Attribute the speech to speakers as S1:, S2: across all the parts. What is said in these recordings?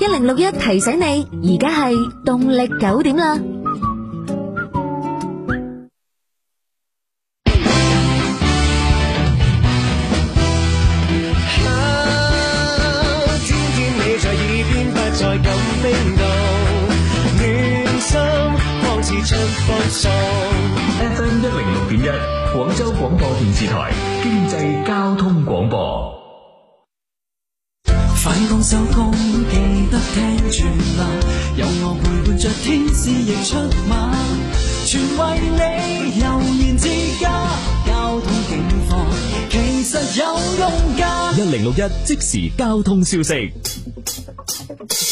S1: 一零六
S2: 一提醒你，
S3: 而家係動力九點啦。收工，記得聽住喇！有我陪伴着天使亦出
S2: 馬，全為你悠然之家。交通警方
S4: 其實有用㗎！一
S3: 零六一即時交通消息。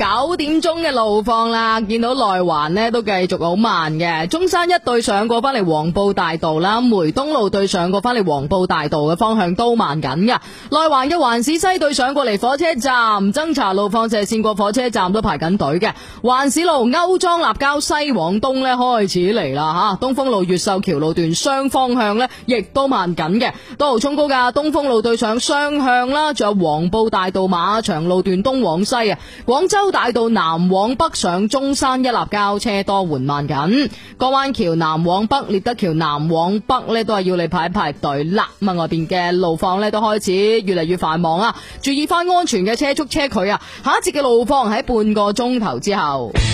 S4: 九點鐘嘅路況啦，見到內環呢都繼續好慢嘅。中山一對上過翻嚟黃埔大道啦，梅東路對上過翻嚟黃埔大道嘅方向都慢緊嘅。內環嘅環市西對上過嚟火車站，唔增槎路放射綫過火車站都排緊隊嘅。環市路歐莊立交西往東呢開始嚟啦吓，東風路越秀橋路段雙方向呢亦都慢緊嘅，都好沖高噶。東風路對上雙向啦，仲有黃埔大道馬場路段東往西啊，廣州。大道南往北上，中山一立交車多緩慢緊，江灣橋南往北、獵德橋南往北呢，都係要你排一排隊啦。咁啊，外邊嘅路況呢，都開始越嚟越繁忙啊！注意翻安全嘅車速車距啊！下一節嘅路況喺半個鐘頭之後。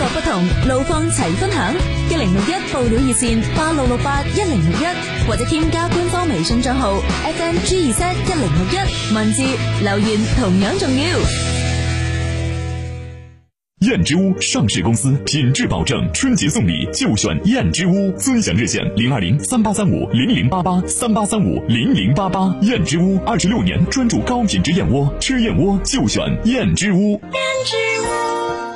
S1: 各不同，路況齊分享。一零六一報料熱線八六六八一零六一，8 8, 61，或者添加官方微信賬號 fmg 二七一零六一，61，文字留言同樣重要。
S5: 燕之屋上市公司，品質保證，春節送禮就選燕之屋。尊享熱線零二零三八三五零零八八三八三五零零八八。88, 88，燕之屋二十六年專注高品質燕窩，吃燕窩就選燕之屋。燕之屋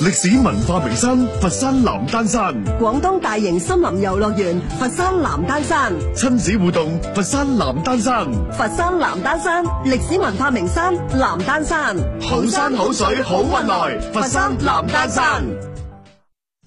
S3: 歷史文化名山佛山南丹山，廣東大型森林
S6: 遊樂園佛山南丹山，親子互動佛山南丹山，佛山南丹山歷史文化名山南丹山，好山好水，好運來
S2: 佛山南
S5: 丹山。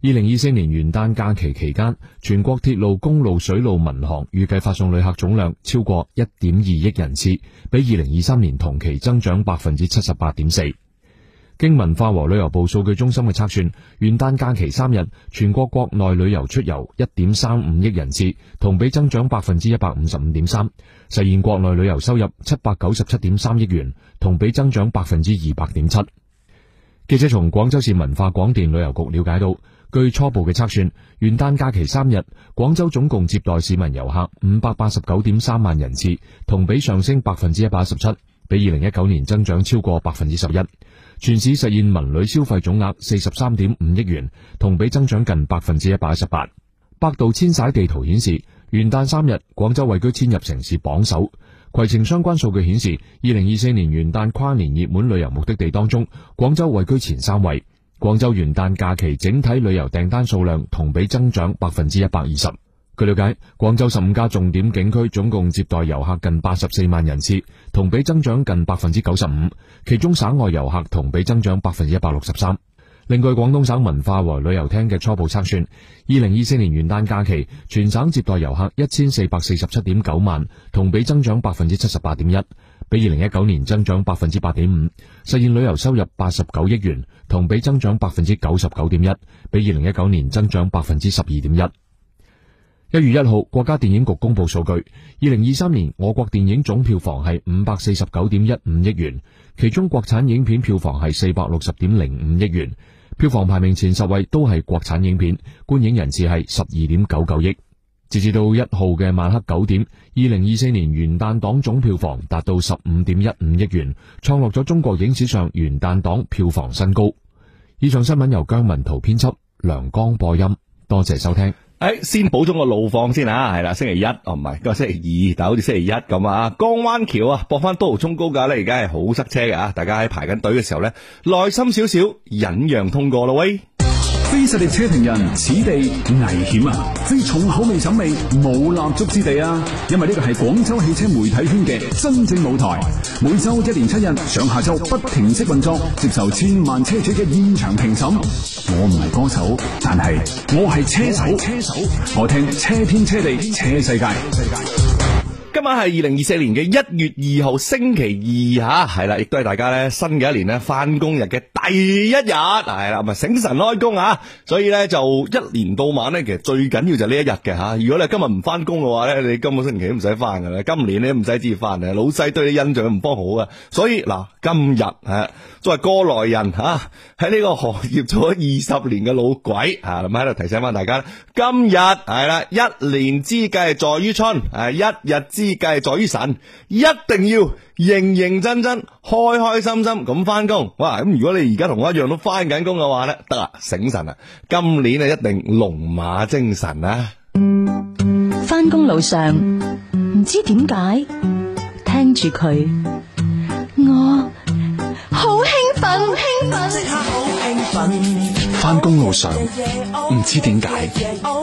S7: 二零二四年元旦假期期間，全國鐵路、公路、水路、民航預計發送旅客總量超過一點二億人次，比二零二三年同期增長百分之七十八點四。經文化和旅遊部數據中心嘅測算，元旦假期三日，全國國內旅遊出遊一點三五億人次，同比增長百分之一百五十五點三，實現國內旅遊收入七百九十七點三億元，同比增長百分之二百點七。記者從廣州市文化廣電旅遊局了解到。據初步嘅測算，元旦假期三日，廣州總共接待市民遊客五百八十九點三萬人次，同比上升百分之一百一十七，比二零一九年增長超過百分之十一。全市實現文旅消費總額四十三點五億元，同比增長近百分之一百一十八。百度遷徙地圖顯示，元旦三日，廣州位居遷入城市榜首。攜程相關數據顯示，二零二四年元旦跨年熱門旅遊目的地當中，廣州位居前三位。廣州元旦假期整體旅遊訂單數量同比增長百分之一百二十。據了解，廣州十五家重點景區總共接待遊客近八十四萬人次，同比增長近百分之九十五。其中省外遊客同比增長百分之一百六十三。另據廣東省文化和旅遊廳嘅初步測算，二零二四年元旦假期全省接待遊客一千四百四十七點九萬，同比增長百分之七十八點一。比二零一九年增長百分之八點五，實現旅遊收入八十九億元，同比增長百分之九十九點一，比二零一九年增長百分之十二點一。一月一號，國家電影局公布數據，二零二三年我國電影總票房係五百四十九點一五億元，其中國產影片票房係四百六十點零五億元，票房排名前十位都係國產影片，觀影人次係十二點九九億。截至到一號嘅晚黑九點，二零二四年元旦檔總票房達到十五點一五億元，創落咗中國影史上元旦檔票房新高。以上新聞由姜文圖編輯，梁江播音。多謝收聽。
S8: 誒、哎，先補充個路況先啊，係啦，星期一哦，唔係今日星期二，但好似星期一咁啊。江灣橋啊，博翻多路沖高架呢，而家係好塞車噶。大家喺排緊隊嘅時候呢，耐心少少，忍讓通過啦，喂。非實力車評人，此地危險啊！
S5: 非重口味審美，冇立足之地啊！因為呢個係廣州汽車媒體圈嘅真正舞台，每周一連七日，上下晝不停式運作，接受千萬車主嘅現場評審。我唔係歌手，但係我係車手。車
S8: 手，我聽車天車地
S7: 車世界。
S8: 今晚係二零二四年嘅一月二號星期二吓，係、啊、啦，亦都係大家咧，新嘅一年咧，翻工日嘅第一日，係、啊、啦，咪醒神開工啊！所以咧，就一年到晚咧，其實最緊要就呢一日嘅吓、啊。如果你今日唔翻工嘅話咧，你今個星期都唔使翻嘅啦。今年咧唔使至翻嘅，老細對你印象唔多好啊。所以嗱、啊，今日誒、啊，作為過來人吓，喺、啊、呢個行業做咗二十年嘅老鬼啊，咁喺度提醒翻大家，今日係啦，一年之計在於春，誒，一日。之計嘴神，一定要認認真真、開開心心咁翻工。哇！咁如果你而家同我一樣都翻緊工嘅話咧，得啦，醒神啊！今年啊，一定龍馬精神啊！
S1: 翻工路上唔知點解，聽住佢，我好興奮，興奮，
S2: 即刻好興奮。
S5: 翻工路上，
S1: 唔知點解，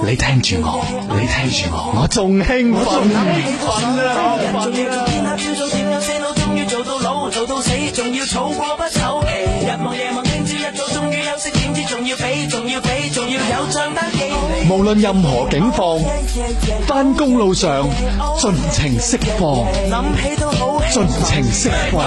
S5: 你聽住我，你聽住我，我仲興奮、啊啊、做、啊、做做仲
S2: 仲要，要天下點樣終於做到老，做到死，興奮。不
S8: 無論任何境況，翻工路上盡情釋放，諗起都好，盡情釋放。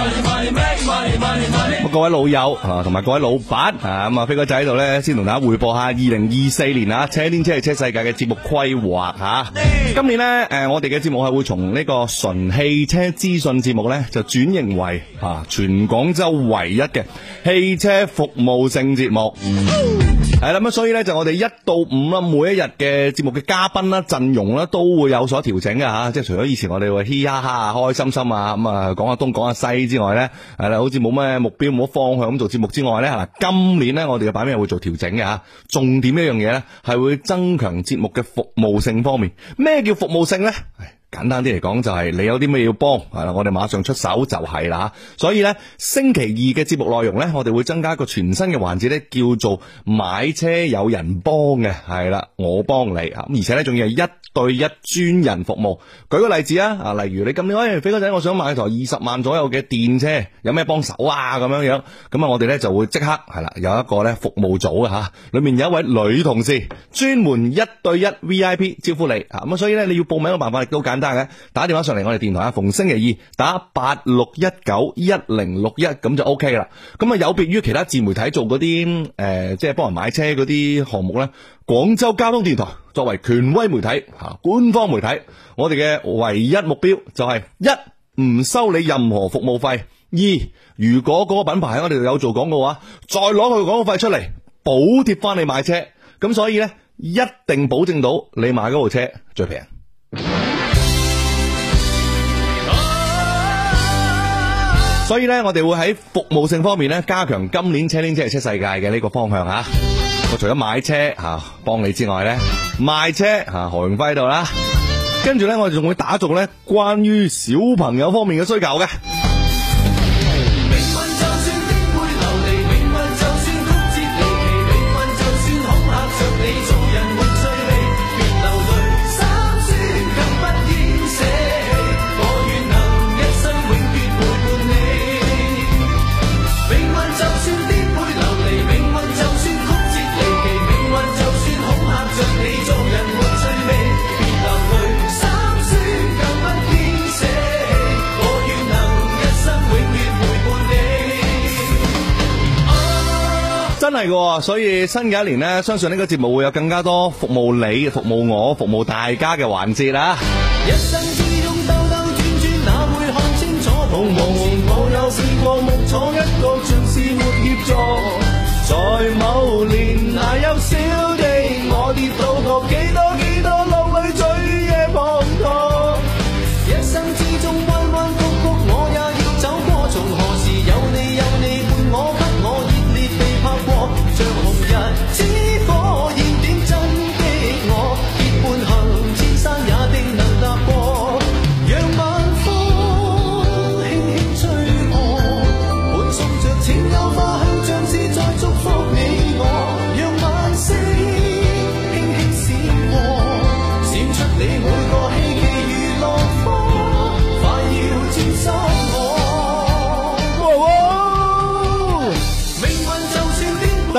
S8: 各位老友吓，同埋各位老闆吓，咁啊，飛哥仔喺度咧，先同大家匯報下二零二四年啊，車天車地車世界嘅節目規劃吓。今年咧，誒，我哋嘅節目係會從呢個純汽車資訊節目咧，就轉型為吓全廣州唯一嘅汽車服務性節目。係啦，咁所以咧就我哋一到五啦，每一日嘅節目嘅嘉賓啦陣容啦都會有所調整嘅吓，即係除咗以前我哋會嘻嘻哈哈，開開心心啊，咁啊講下東講下西之外咧，係、啊、啦，好似冇咩目標冇方向咁做節目之外咧，嗱，今年咧我哋嘅版面會做調整嘅吓、啊，重點一樣嘢咧係會增強節目嘅服務性方面，咩叫服務性咧？簡單啲嚟講就係、是、你有啲咩要幫係啦，我哋馬上出手就係啦，所以呢，星期二嘅節目內容呢，我哋會增加一個全新嘅環節呢，叫做買車有人幫嘅。係啦，我幫你啊，而且呢，仲要係一對一專人服務。舉個例子啊，啊例如你咁你，喂，飛哥仔，我想買台二十萬左右嘅電車，有咩幫手啊？咁樣樣，咁啊我哋呢就會即刻係啦，有一個呢服務組啊吓，裏面有一位女同事專門一對一 V I P 招呼你啊，咁所以呢，你要報名嘅辦法亦都簡單。得嘅，打電話上嚟我哋電台啊，逢星期二打八六一九一零六一咁就 OK 啦。咁啊有別於其他自媒體做嗰啲誒，即係幫人買車嗰啲項目呢？廣州交通電台作為權威媒體吓，官方媒體，我哋嘅唯一目標就係一唔收你任何服務費，二如果嗰個品牌喺我哋度有做廣告話，再攞佢廣告費出嚟補貼翻你買車，咁所以呢，一定保證到你買嗰部車最平。所以咧，我哋會喺服務性方面咧加強今年車天車地車世界嘅呢個方向吓、啊。我除咗買車吓、啊、幫你之外咧，賣車吓、啊、何榮輝度啦。跟住咧，我哋仲會打造咧關於小朋友方面嘅需求嘅。真係喎，所以新嘅一年咧，相信呢個節目會有更加多服務你、服務我、服務大家嘅環節啦，
S2: 一一生之中兜兜轉轉，哪會看清楚，彷徨時我有試過，一個像是沒協助，在某年啊！那幼小的我跌倒過幾多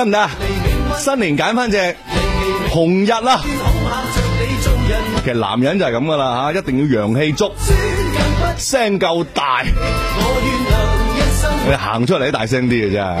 S8: 啊？得唔得新年揀翻隻紅日啦。
S2: 其
S8: 實男人就係咁噶啦吓，一定要陽氣足，聲夠大。
S2: 我你
S8: 行出嚟大聲啲嘅真係吓。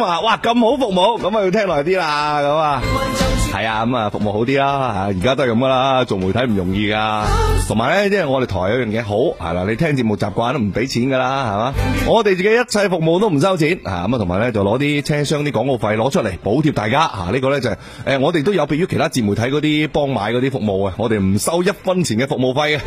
S8: 哇，咁好服務，咁啊要聽耐啲啦，咁啊係啊，咁啊服務好啲啦，吓而家都係咁噶啦，做媒體唔容易噶，同埋咧，即係我哋台有樣嘢好，係啦，你聽節目習慣都唔俾錢噶啦，係嘛，我哋自己一切服務都唔收錢，吓咁啊，同埋咧就攞啲車廂啲廣告費攞出嚟補貼大家，吓呢個咧就係誒，我哋都有別於其他自媒體嗰啲幫買嗰啲服務啊，我哋唔收一分錢嘅服務費嘅。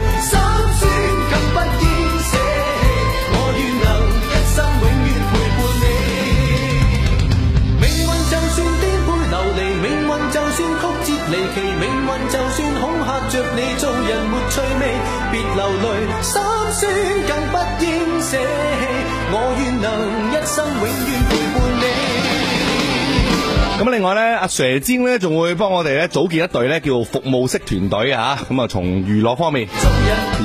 S2: 你你。做人沒趣味，別流淚，心酸更不應捨棄。我願能一
S3: 生永遠陪伴你。
S8: 咁另外咧，阿蛇尖咧仲會幫我哋咧組建一隊咧叫做服務式團隊啊！咁啊，從娛樂方面、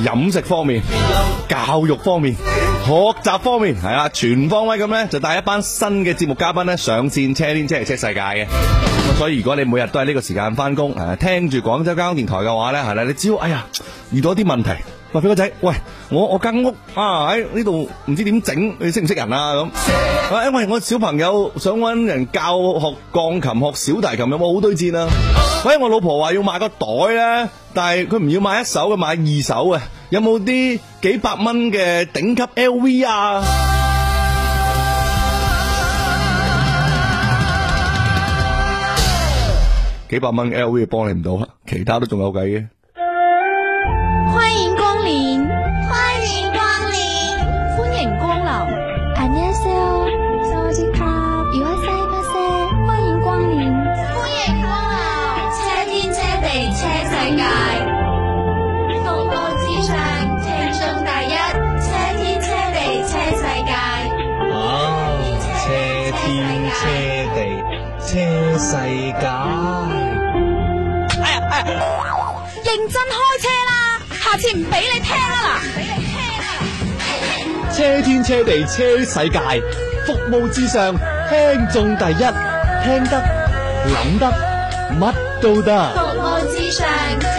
S8: 飲人食方面、有教育方面、學習方面，係啊，全方位咁咧就帶一班新嘅節目嘉賓咧上線車天車地車世界嘅。所以如果你每日都係呢個時間翻工，誒，聽住廣州交通電台嘅話咧，係啦，你只要，哎呀，遇到啲問題，喂，俾個仔，喂，我我間屋啊喺呢度唔知點整，你識唔識人啊咁？喂，哎、因為我小朋友想搵人教學鋼琴，學小提琴，有冇好推薦啊？喂、哎，我老婆話要買個袋咧，但係佢唔要買一手嘅，買二手嘅，有冇啲幾百蚊嘅頂級 LV 啊？幾百蚊 LV 幫你唔到，其他都仲有計
S1: 嘅。
S4: 唔俾你聽啦！嗱，
S8: 車天車地車世界，服務至上，聽眾第一，聽得諗得乜都得。
S1: 服務至上。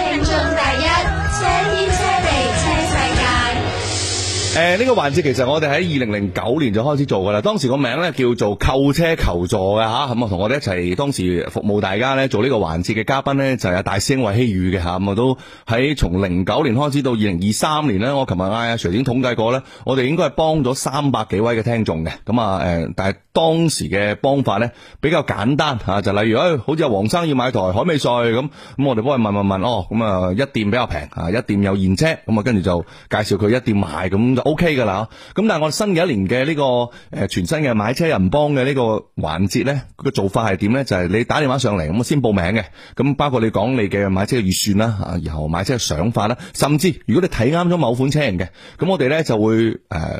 S8: 誒，呢、啊這個環節其實我哋喺二零零九年就開始做噶啦，當時個名咧叫做購車求助嘅吓，咁啊同我哋一齊當時服務大家咧做呢個環節嘅嘉賓呢，就係、是、阿大聲韋希宇嘅吓，咁啊都喺從零九年開始到二零二三年呢，我琴日嗌阿徐展統計過呢，我哋應該係幫咗三百幾位嘅聽眾嘅，咁啊誒，但係當時嘅幫法呢，比較簡單吓、啊，就例如誒、哎，好似阿黃生要買台海美賽咁，咁我哋幫佢問問問，哦，咁啊一店比較平啊，一店有現車，咁啊跟住就介紹佢一店買咁 O K 噶啦，咁、okay、但係我新嘅一年嘅呢、這個誒、呃、全新嘅買車人幫嘅呢個環節咧，個做法係點呢？就係、是、你打電話上嚟，咁我先報名嘅，咁包括你講你嘅買車嘅預算啦，吓、啊，然後買車嘅想法啦，甚至如果你睇啱咗某款車型嘅，咁我哋呢就會誒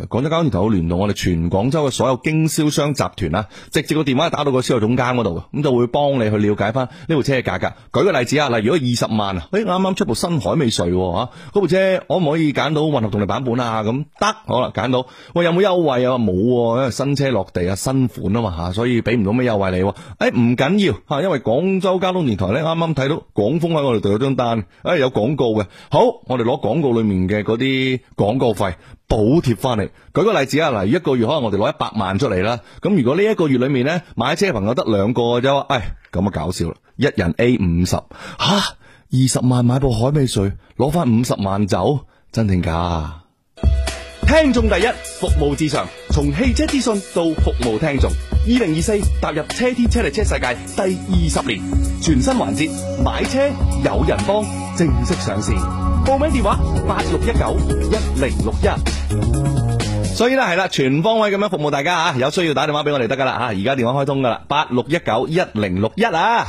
S8: 廣、呃、州交通電台聯動，我哋全廣州嘅所有經銷商集團啊，直接個電話打到個銷售總監嗰度，咁就會幫你去了解翻呢部車嘅價格。舉個例子啊，例如果二十萬，誒啱啱出部新凱美瑞吓，嗰、啊、部車可唔可以揀到混合動力版本啊？咁得好啦，揀到喂，有冇優惠啊？冇、啊，因為新車落地啊，新款啊嘛，嚇、啊，所以俾唔到咩優惠你、啊。誒唔緊要嚇，因為廣州交通電台呢啱啱睇到廣豐喺我哋度有張單，誒、哎、有廣告嘅。好，我哋攞廣告裡面嘅嗰啲廣告費補貼翻嚟。舉個例子啊，嗱，一個月可能我哋攞一百萬出嚟啦。咁、啊、如果呢一個月裡面呢，買車朋友得兩個嘅啫，唉、哎，咁啊搞笑啦，一人 A 五十吓，二十萬買部凱美瑞攞翻五十萬走，真定假？聽眾第一，服務至上，從汽車資訊到服務聽眾。二零二四踏入車天車地車世界第二十年，全新環節買車有人幫正式上線，報名電話八六一九一零六一。所以咧係啦，全方位咁樣服務大家啊！有需要打電話俾我哋得噶啦啊！而家電話開通噶啦，八六一九一零六一啊！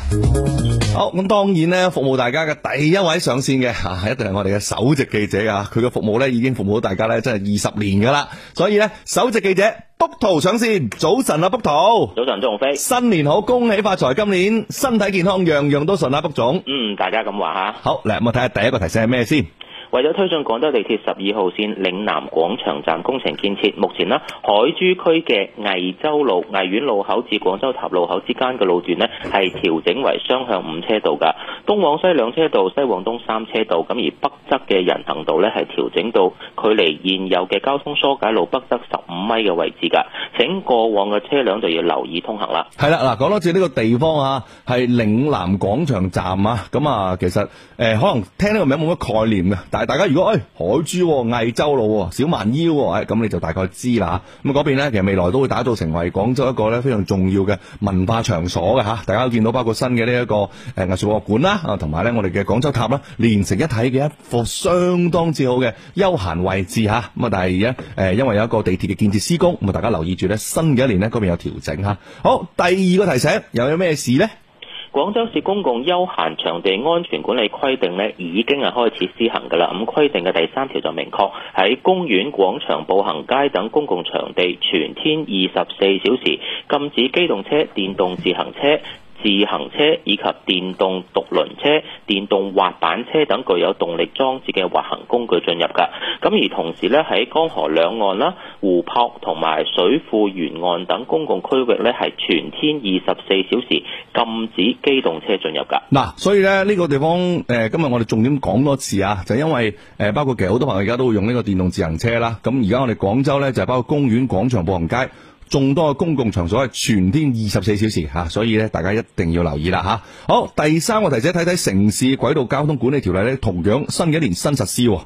S8: 好，咁當然咧，服務大家嘅第一位上線嘅吓啊，一定係我哋嘅首席記者啊！佢嘅服務咧已經服務到大家咧，真係二十年噶啦。所以咧，首席記者卜圖上線，早晨啊，卜圖，早晨，鍾鴻飛，新年好，恭喜發財，今年身體健康，樣樣都順啊，卜總。嗯，大家咁話吓。好，嚟我睇下第一個提示係咩先。為咗推進廣州地鐵
S9: 十二號線嶺南廣場站工程建設，目前啦，海珠區嘅藝洲路藝苑路口至廣州塔路口之間嘅路段咧，係調整為雙向五車道噶，東往西兩車道，西往東三車道。咁而北側嘅人行道咧，係調整到距離現有嘅交通疏解路北側十五米嘅位置噶，請過往嘅車輛就要留意通行啦。
S8: 係啦，嗱，講多次呢個地方啊，係嶺南廣場站啊，咁啊，其實誒、呃，可能聽呢個名冇乜概念噶。大家如果誒、哎、海珠惠、哦、州路、哦、小蠻腰、哦，誒、哎、咁你就大概知啦。咁嗰邊呢，其實未來都會打造成為廣州一個咧非常重要嘅文化場所嘅吓、啊。大家都見到包括新嘅、這個呃啊、呢一個誒藝術博物館啦，同埋呢我哋嘅廣州塔啦、啊，連成一體嘅一個相當之好嘅休閒位置吓。咁啊，但係而家誒因為有一個地鐵嘅建設施工，咁啊大家留意住呢，新嘅一年呢，嗰邊有調整吓、啊。好，第二個提醒又有咩事呢？
S9: 廣州市公共休閒場地安全管理規定咧，已經係開始施行噶啦。咁、嗯、規定嘅第三條就明確喺公園、廣場、步行街等公共場地，全天二十四小時禁止機動車、電動自行車。自行車以及電動獨輪車、電動滑板車等具有動力裝置嘅滑行工具進入噶。咁而同時咧，喺江河兩岸啦、湖泊同埋水庫沿岸等公共區域咧，係全天二十四小時禁止機動車進入噶。
S8: 嗱、啊，所以咧呢個地方，誒、呃，今日我哋重點講多次啊，就是、因為誒、呃，包括其實好多朋友而家都會用呢個電動自行車啦。咁而家我哋廣州咧就係、是、包括公園、廣場、步行街。眾多嘅公共場所係全天二十四小時嚇。所以咧大家一定要留意啦嚇。好，第三個提醒，睇睇《城市軌道交通管理條例》咧，同樣新嘅一年新實施。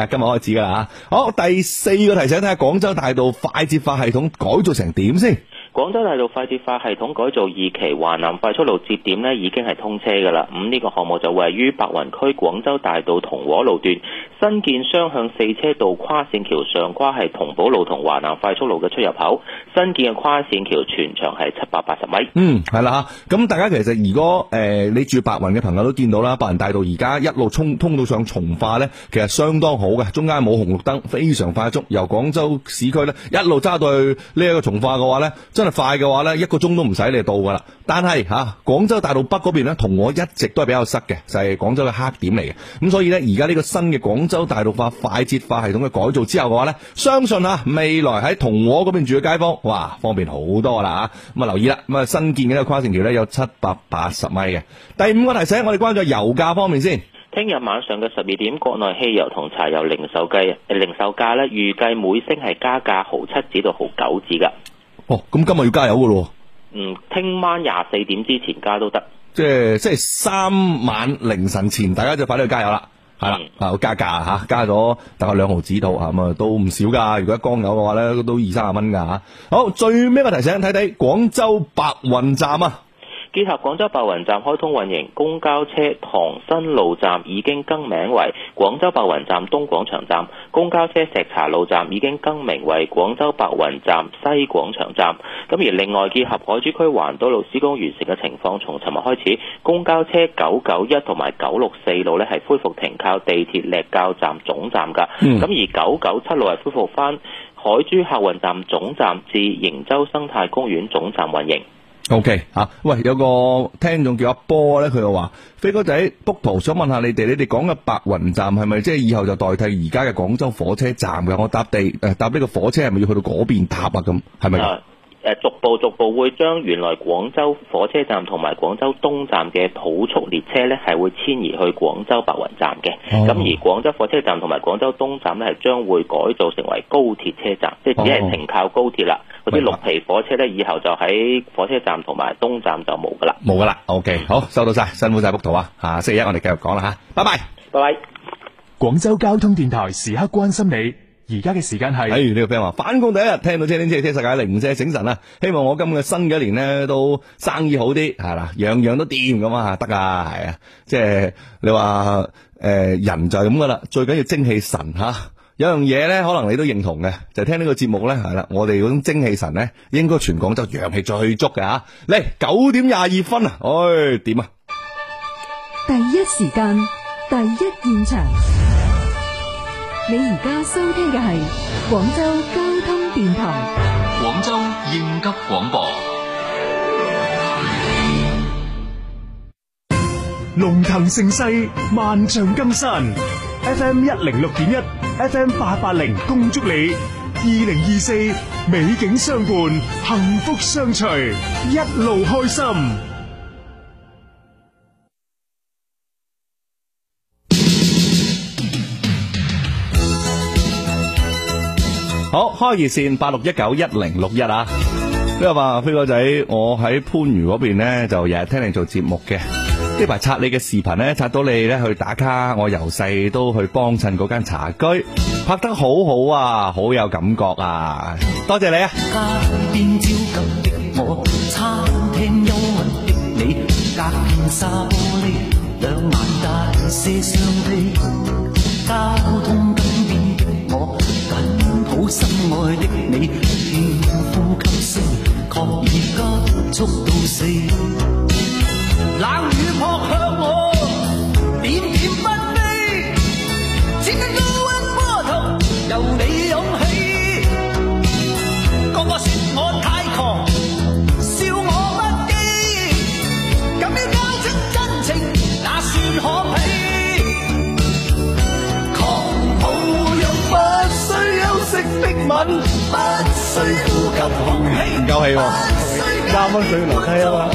S8: 今日開始噶啦，好，第四個提醒，睇下廣州大道快捷化系統改造成點先。
S9: 廣州大道快捷化系統改造二期華南快速路節點呢已經係通車噶啦。咁呢個項目就位於白雲區廣州大道同和路段。新建雙向四車道跨線橋上跨係同寶路同華南快速路嘅出入口，新建嘅跨線橋全長係七百八十米嗯。
S8: 嗯，係啦吓，咁大家其實如果誒、呃、你住白雲嘅朋友都見到啦，白雲大道而家一路衝通到上從化咧，其實相當好嘅，中間冇紅綠燈，非常快速。由廣州市區咧一路揸到去呢一個從化嘅話咧，真係快嘅話咧，一個鐘都唔使你到噶啦。但係吓，廣、啊、州大道北嗰邊咧，同我一直都係比較塞嘅，就係、是、廣州嘅黑點嚟嘅。咁、嗯、所以咧，而家呢個新嘅廣州大陸化快捷化系統嘅改造之後嘅話咧，相信啊未來喺同和嗰邊住嘅街坊，哇，方便好多啦啊！咁啊留意啦，咁啊新建嘅跨線橋咧有七百八十米嘅。第五個提醒，我哋關注油價方面先。
S9: 聽日晚上嘅十二點，國內汽油同柴油零售計零售價咧，預計每升係加價毫七子到毫九子噶。
S8: 哦，咁今日要加油嘅咯。
S9: 嗯，聽晚廿四點之前加都得。
S8: 即係即係三晚凌晨前，大家就快啲去加油啦。係啦，啊，加價吓，加咗大概兩毫紙度，咁啊都唔少噶。如果一缸油嘅話咧，都二三十蚊噶吓。好，最尾個提醒，睇睇廣州白雲站啊。
S9: 結合廣州白雲站開通運營，公交車唐新路站已經更名為廣州白雲站東廣場站，公交車石槎路站已經更名為廣州白雲站西廣場站。咁而另外結合海珠區環島路施工完成嘅情況，從尋日開始，公交車九九一同埋九六四路呢係恢復停靠地鐵瀝滘站總站噶。咁、嗯、而九九七路係恢復翻海珠客運站總站至瀛洲生態公園總站運營。
S8: O K 嚇，喂有個聽眾叫阿波咧，佢又話飛哥仔 book 圖，想問，問下你哋，你哋講嘅白雲站係咪即係以後就代替而家嘅廣州火車站嘅？我搭地誒、呃、搭呢個火車係咪要去到嗰邊搭啊？咁係咪
S10: 呃、逐步
S9: 逐步會將原來廣州火車站同埋廣州東站嘅普速列車咧，係會遷移去廣州白雲站嘅。哦。咁而廣州火車站同埋廣州東站咧，係將會改造成為高鐵車站，即係只係停靠高鐵啦。嗰啲綠皮火車呢，喂以後就喺火車站同埋東站就冇噶啦。
S8: 冇噶啦。OK，好，收到晒，辛苦晒幅圖啊！下星期一我哋繼續講啦吓，拜拜，拜拜。
S7: 廣州交通電台，時刻關心
S8: 你。而家嘅時間係，哎，呢、這個 friend 話返工第一日聽到車天車地車世界零舍醒神啦、啊，希望我今個新嘅一年咧都生意好啲係啦，樣樣都掂咁啊，得噶係啊，即係你話誒、呃、人就係咁噶啦，最緊要精氣神吓、啊。有樣嘢咧，可能你都認同嘅，就是、聽個節呢個節目咧係啦，我哋嗰種精氣神咧，應該全廣州陽氣最足嘅吓。嚟九點廿二分啊，分哎點啊？
S4: 第一時間，第一現場。你而家
S1: 收聽嘅係廣州交通電台、
S3: 廣州應急廣播、
S5: 龍騰盛世、萬象金山 FM 一零六點一、FM 八八零，恭祝你二零二四美景相伴，幸福相隨，一路開心。
S8: 好，開熱線八六一九一零六一啊！呢個話飛哥仔，我喺番禺嗰邊咧，就日日聽你做節目嘅。呢排刷你嘅視頻咧，刷到你咧去打卡，我由細都去幫襯間茶居，拍得好好啊，好有感覺啊！
S3: 多謝你
S2: 啊！ 心愛的你，聽呼吸聲，確已急速到死。冷雨撲向我，點點紛飛，只因高溫過頭，
S3: 由你。
S8: 吻不需唔夠氣
S2: 喎，加溫水落梯啊嘛。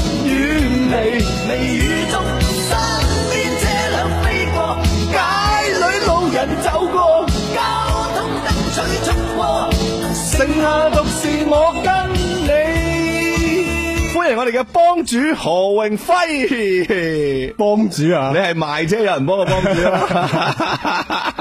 S8: 歡迎我哋嘅幫主何榮輝，幫主啊，你係賣車有人幫我幫主啊。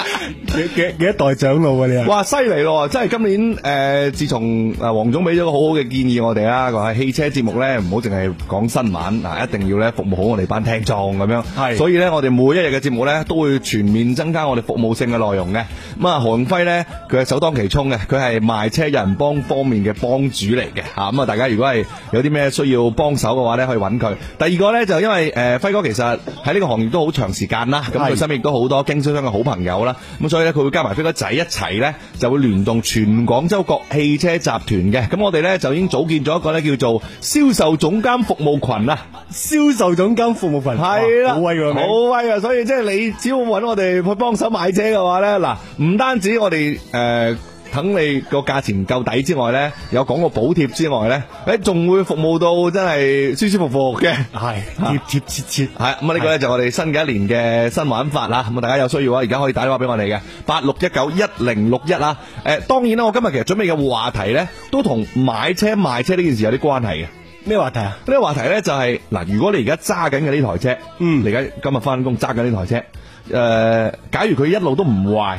S8: 幾幾幾代長老啊你啊，哇犀利咯！即係今年誒，自從啊黃總俾咗個好好嘅建議我哋啦，話係汽車節目咧唔好淨係講新聞，嗱一定要咧服務好我哋班聽眾咁樣。係，所以咧我哋每一日嘅節目咧都會全面增加我哋服務性嘅內容嘅。咁啊，韓輝咧佢係首當其衝嘅，佢係賣車有人幫方面嘅幫主嚟嘅吓。咁啊，大家如果係有啲咩需要幫手嘅話咧，可以搵佢。第二個咧就因為誒輝哥其實喺呢個行業都好長時間啦，咁佢身邊亦都好多經銷商嘅好朋友啦，咁所以。咧佢會加埋飛哥仔一齊咧，就會聯動全廣州各汽車集團嘅。咁我哋咧就已經組建咗一個咧叫做銷售總監服務群啦。銷售總監服務群係啦，好威喎，好威啊！所以即係你只要揾我哋去幫手買車嘅話咧，嗱，唔單止我哋誒。等你個價錢夠抵之外咧，有講個補貼之外咧，誒仲會服務到真係舒舒服服嘅，係貼貼切切係咁啊！呢個咧就我哋新嘅一年嘅新玩法啦，咁啊大家有需要嘅話，而家可以打電話俾我哋嘅八六一九一零六一啦。誒，當然啦，我今日其實準備嘅話題咧，都同買車賣車呢件事有啲關係嘅。咩話題啊？呢個話題呢？就係嗱，如果你而家揸緊嘅呢台車，嗯，而家今日返工揸緊呢台車，誒，假如佢一路都唔壞，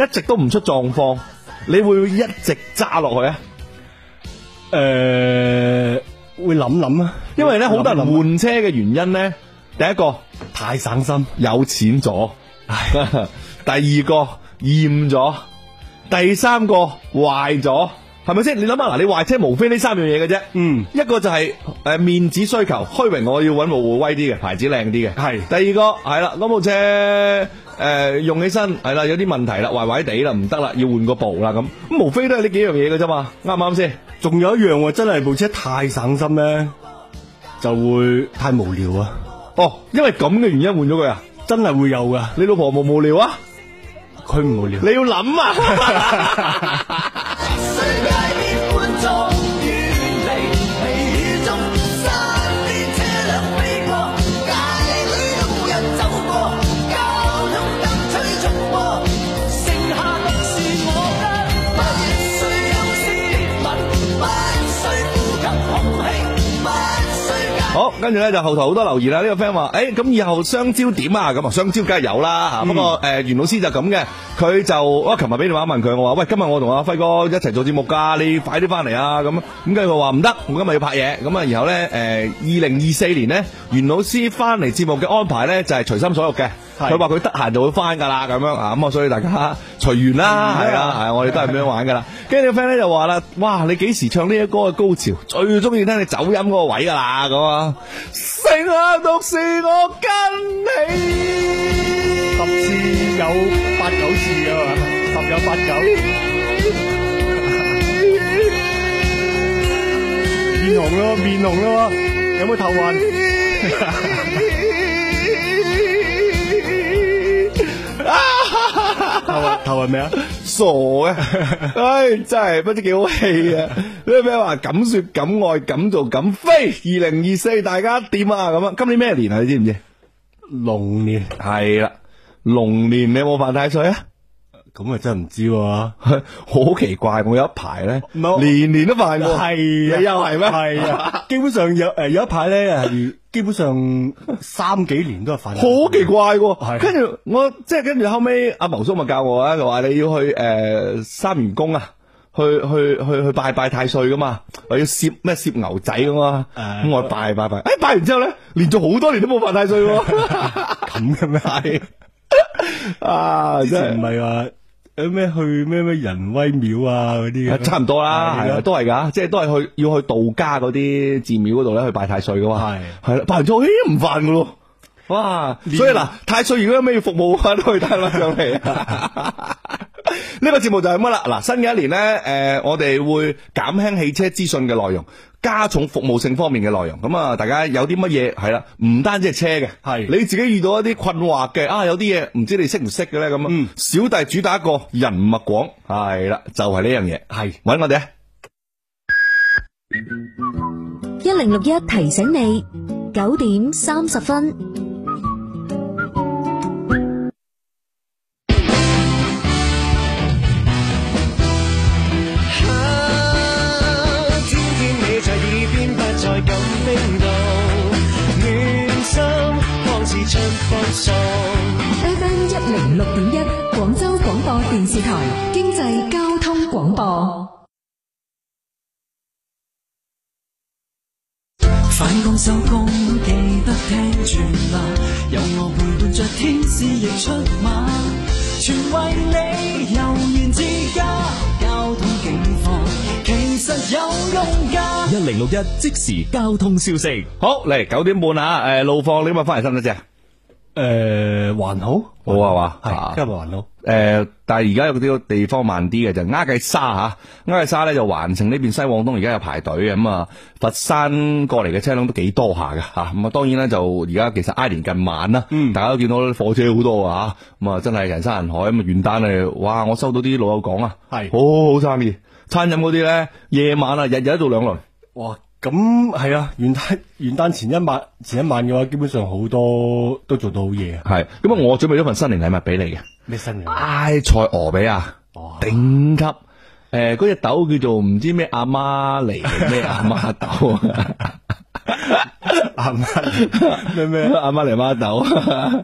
S8: 一直都唔出狀況。你會一直揸落去啊？誒、呃，會諗諗啊，因為咧好多人換車嘅原因咧，第一個太省心，有錢咗，唉 第二個厭咗，第三個壞咗，係咪先？你諗下嗱，你壞車無非呢三樣嘢嘅啫。嗯，一個就係、是、誒、呃、面子需求，虛榮，我要搵豪華威啲嘅牌子，靚啲嘅。係第二個係啦，攞部車。誒、呃，用起身係啦，有啲問題啦，壞壞地啦，唔得啦，要換個部啦咁，咁無非都係呢幾樣嘢嘅啫嘛，啱唔啱先？仲有一樣真係部車太省心咧，就會太無聊啊！哦，因為咁嘅原因換咗佢啊，真係會有噶？你老婆冇無聊啊？佢唔無聊，你要諗啊！ 跟住咧就後台好多留言啦，呢、這個 friend 話，誒、哎、咁以後香蕉點啊？咁啊香蕉梗係有啦吓，咁、嗯、我誒、呃、袁老師就咁嘅，佢就，我琴日俾電話問佢我話，喂，今日我同阿輝哥一齊做節目噶，你快啲翻嚟啊，咁，咁跟住佢話唔得，我今日要拍嘢，咁啊然後咧，誒二零二四年咧袁老師翻嚟節目嘅安排咧就係、是、隨心所欲嘅。佢話佢得閒就會翻㗎啦，咁樣啊，咁啊，所以大家隨緣啦，係啊，係啊，我哋都係咁樣玩㗎啦。跟住你個 friend 咧就話啦，哇，你幾時唱呢一歌嘅高潮，我 最中意聽你走音嗰個位㗎啦，咁啊。剩下獨是我跟你十次有八九次啊嘛，十有八九。
S5: 面紅咯，面紅咯，有冇頭暈？ 頭係咩啊？傻
S8: 嘅，唉，真係不知幾好氣啊！咩咩話敢說敢愛敢做敢飛？二零二四大家點啊？咁啊，今年咩年啊？你知唔知？龍年係啦，龍年你有冇犯太歲啊？咁啊真唔知喎，好奇怪！我有一排咧，年年都犯過，係啊，你又係咩？係啊，基本上有誒有一排咧係。基本上三幾年都係犯，好奇怪喎的！跟住我即係跟住後尾阿毛叔咪教我咧，佢話你要去誒、呃、三元宮啊，去去去去拜拜太歲噶嘛，我要攝咩攝牛仔噶嘛，咁、呃、我拜拜拜，誒、呃、拜完之後咧，連續好多年都冇拜太歲，咁
S10: 嘅咩係？啊，以前唔係話。有咩去咩咩仁威廟啊嗰啲？差唔多啦，係啊，都
S8: 係噶，即係都係去要去道家嗰啲寺廟嗰度咧去拜太歲噶嘛，係係啦，拜完之後咦，唔犯噶咯。
S10: 哇！
S8: 所以嗱，太歲如果咩服務啊都可以帶翻上嚟呢 個節目就係乜啦？嗱，新嘅一年咧，誒、呃，我哋會減輕汽車資訊嘅內容，加重服務性方面嘅內容。咁啊，大家有啲乜嘢係啦？唔單止係車嘅，係是你自己遇到一啲困惑嘅啊，有啲嘢唔知你識唔識嘅咧，咁啊、嗯，小弟主打一個人脈廣係啦，就係呢樣嘢，係搵是我哋
S1: 一零六一提醒你九點三十分。FM 一零六點一，廣州廣播電視台經濟交通廣播。
S2: 返工收工記得聽住啦，有我陪伴着，天使亦出馬，全為你游園之家。交通警方，其實有用噶。一
S3: 零六一
S8: 即時交通消息，好嚟九點半啊！誒，路況你今日翻嚟得唔得啫？行
S3: 誒，還、呃、好，
S8: 好啊嘛，係今日還好。誒、呃，但係而家有啲地方慢啲嘅，就鴉、是、髻沙吓，鴉、啊、髻沙咧就環城呢邊西往東而家有排隊嘅咁啊，佛山過嚟嘅車輛都幾多下嘅吓，咁啊，嗯、當然啦，就而家其實挨年近晚啦，嗯，大家都見到火車好多啊吓，咁、嗯、啊真係人山人海，咁啊元旦啊，哇，我收到啲老友講啊，係是好好好生意，餐飲嗰啲咧夜晚啊日日都做兩輪，哇！咁係、嗯、啊，元旦元旦前一晚前一晚嘅話，基本上好多都做到好夜啊。係，咁啊，我準備咗份新年禮物俾你嘅。咩新年禮物？埃塞俄比亞啊，頂、哦、級。誒、呃，嗰、那、隻、個、豆叫做唔知咩阿媽嚟咩阿媽豆啊？阿媽咩咩阿媽嚟媽豆？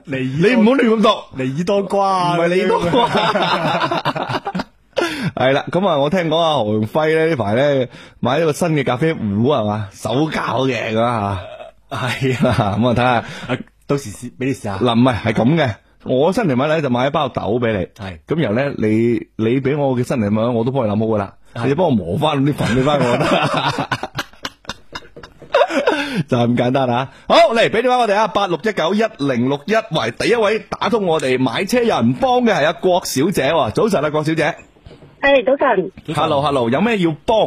S8: 尼爾，你唔好亂咁讀，尼爾多瓜唔係尼爾多瓜。係啦，咁啊，我聽講阿韓輝咧呢排咧買咗個新嘅咖啡壺係嘛，手搞嘅咁啊，係啦，咁啊睇下，到時試俾你試下。嗱，唔係係咁嘅，我新年禮物咧就買一包豆俾你，係。咁然後咧，你你俾我嘅新年禮物，我都幫你諗好噶啦，你幫我磨翻啲粉俾翻我得啦，就係咁簡單啊。好，嚟，俾電話我哋啊，八六一九一零六一為第一位打通我哋買車，有人幫嘅係阿郭小姐，早晨啊，郭小姐。
S6: 誒，早晨！Hello，Hello，有咩要幫？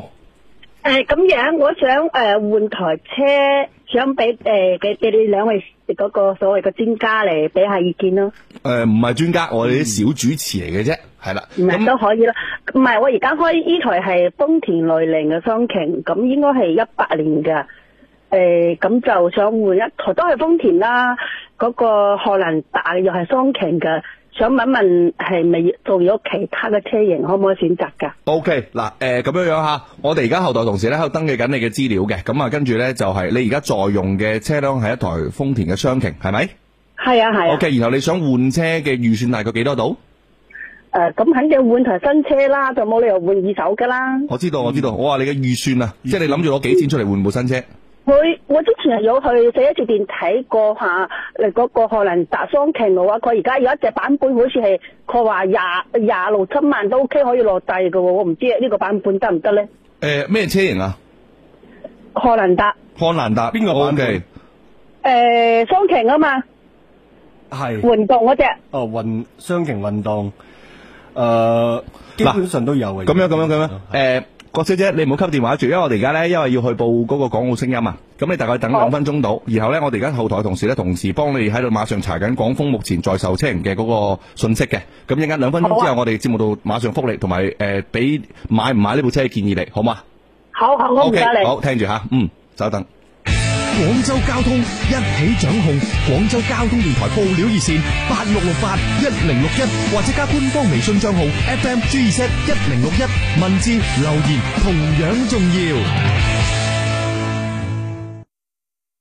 S6: 誒，咁樣，我想誒換台車，想俾誒嘅俾你兩位嗰個所謂嘅專家嚟俾下意見咯。
S8: 誒，唔係專家，我哋啲小主持嚟嘅啫，係啦。
S6: 唔係都可以啦，唔係我而家開呢台係豐田雷凌嘅雙擎，咁應該係一八年㗎。誒，咁就想換一台，都係豐田啦，嗰個荷蘭達又係雙擎嘅。想問問，係咪仲有其他嘅車型可唔可以選擇噶
S8: ？O K，嗱，誒、okay, 呃，咁樣樣吓，我哋而家後台同事咧喺度登記緊你嘅資料嘅，咁、嗯就是、啊，跟住咧就係你而家在用嘅車輛係一台豐田嘅雙擎，係咪？
S6: 係啊，係。O K，
S8: 然後你想換車嘅預算大概幾多度？
S6: 誒、呃，咁肯定換台新車啦，就冇理由換二手噶啦。
S8: 我知道，我知道，嗯、我話你嘅預算啊，算即係你諗住攞幾錢出嚟換部新車。嗯
S6: 佢我之前係有去四 S 店睇過下，誒、啊、嗰、那個漢蘭達雙擎嘅話，佢而家有一隻版本好似係佢話廿廿六七萬都 OK 可，可以落地嘅，我唔知個行行呢個版本得唔得咧？
S8: 誒、呃，咩車型啊？
S6: 漢蘭達。
S8: 漢蘭達邊個版本？誒 Okay.、
S6: 呃，雙擎啊嘛。
S8: 係是。運
S6: 動嗰隻。
S8: 啊運雙擎運動，誒、呃，喇基本上都有嘅。咁喇樣咁樣嘅咩？誒。郭小姐，你唔好扱電話住，因為我哋而家呢，因為要去報嗰個港澳聲音啊。咁你大概等兩分鐘到，啊、然後呢，我哋而家後台同事呢，同時幫你喺度馬上查緊廣豐目前在售車型嘅嗰個信息嘅。咁一陣間兩分鐘之後，啊、我哋節目度馬上覆你，同埋誒俾買唔買呢部車嘅建議你，好唔
S6: 好啊？好好 okay, 好，O K，好
S8: 聽住吓，嗯，稍等。廣州交通一起掌控，廣州交通電台報料熱線八六六八一零六一，8 8 61，或者加官方微信賬號 FM G 二七
S5: 一零六一，61，文字留言同樣重要。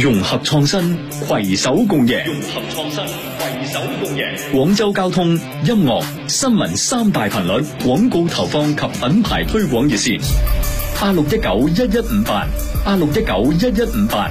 S3: 融合創新，攜手共贏。融合創新，攜手共贏。廣州交通音樂新聞三大頻率廣告投放及品牌推廣熱線：八六一九一一五八，八六一九一一五八。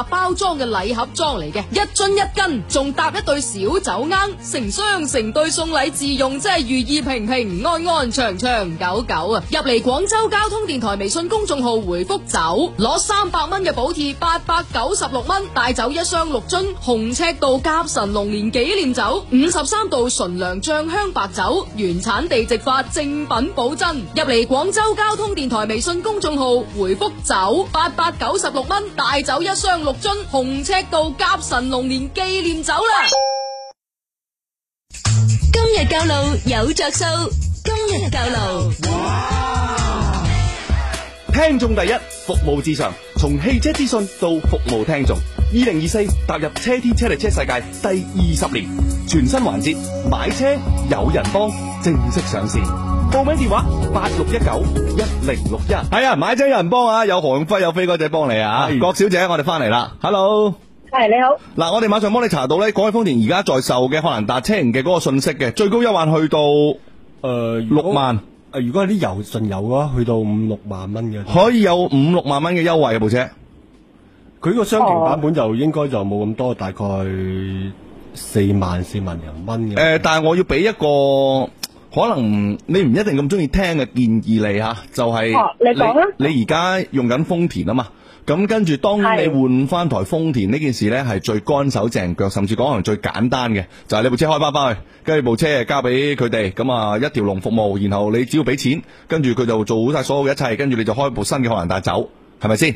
S4: 包裝嘅禮盒裝嚟嘅，一樽一斤，仲搭一對小酒盎，成雙成對送禮自用，即係寓意平平安安長長久久啊！入嚟廣州交通電台微信公眾號回覆酒，攞三百蚊嘅補貼，八百九十六蚊帶走一箱六樽，紅赤道甲辰龍年紀念酒，五十三度純糧醬香白酒，原產地直發，正品保真。入嚟廣州交通電台微信公眾號回覆酒，八百九十六蚊帶走一箱六。紅赤道甲辰龍年紀念酒啦！今日教路有着數，今日教路。哇！
S8: 聽眾第一，服務至上，從汽車資訊到服務聽眾。二零二四踏入車天車地車世界第二十年，全新環節買車有人幫正式上線，報名電話八六一九一零六一。係啊、哎，買車有人幫啊，有何永輝有飛哥仔幫你啊。是郭小姐，我哋翻嚟啦，Hello，係你好。嗱，我哋馬上幫你查到呢，廣汽豐田而家在，在售嘅漢蘭達車型嘅嗰個信息嘅最高優惠去到誒六萬。誒，如果係啲萬、呃、油順油嘅話，去到五六萬蚊嘅。可以有五六萬蚊嘅優惠啊，部車。佢呢個雙擎版本就應該就冇咁多，大概四萬四萬零蚊嘅。誒，但係我要俾一個可能你唔一定咁中意聽嘅建議你嚇，就係、是、你而家、哦、用緊豐田啊嘛，咁跟住當你換翻台豐田呢件事呢，係最乾手淨腳，甚至講可能最簡單嘅，就係、是、你部車開翻翻去，跟住部車交俾佢哋，咁啊一條龍服務，然後你只要俾錢，跟住佢就做好晒所有嘅一切，跟住你就開部新嘅漢蘭達走，係咪先？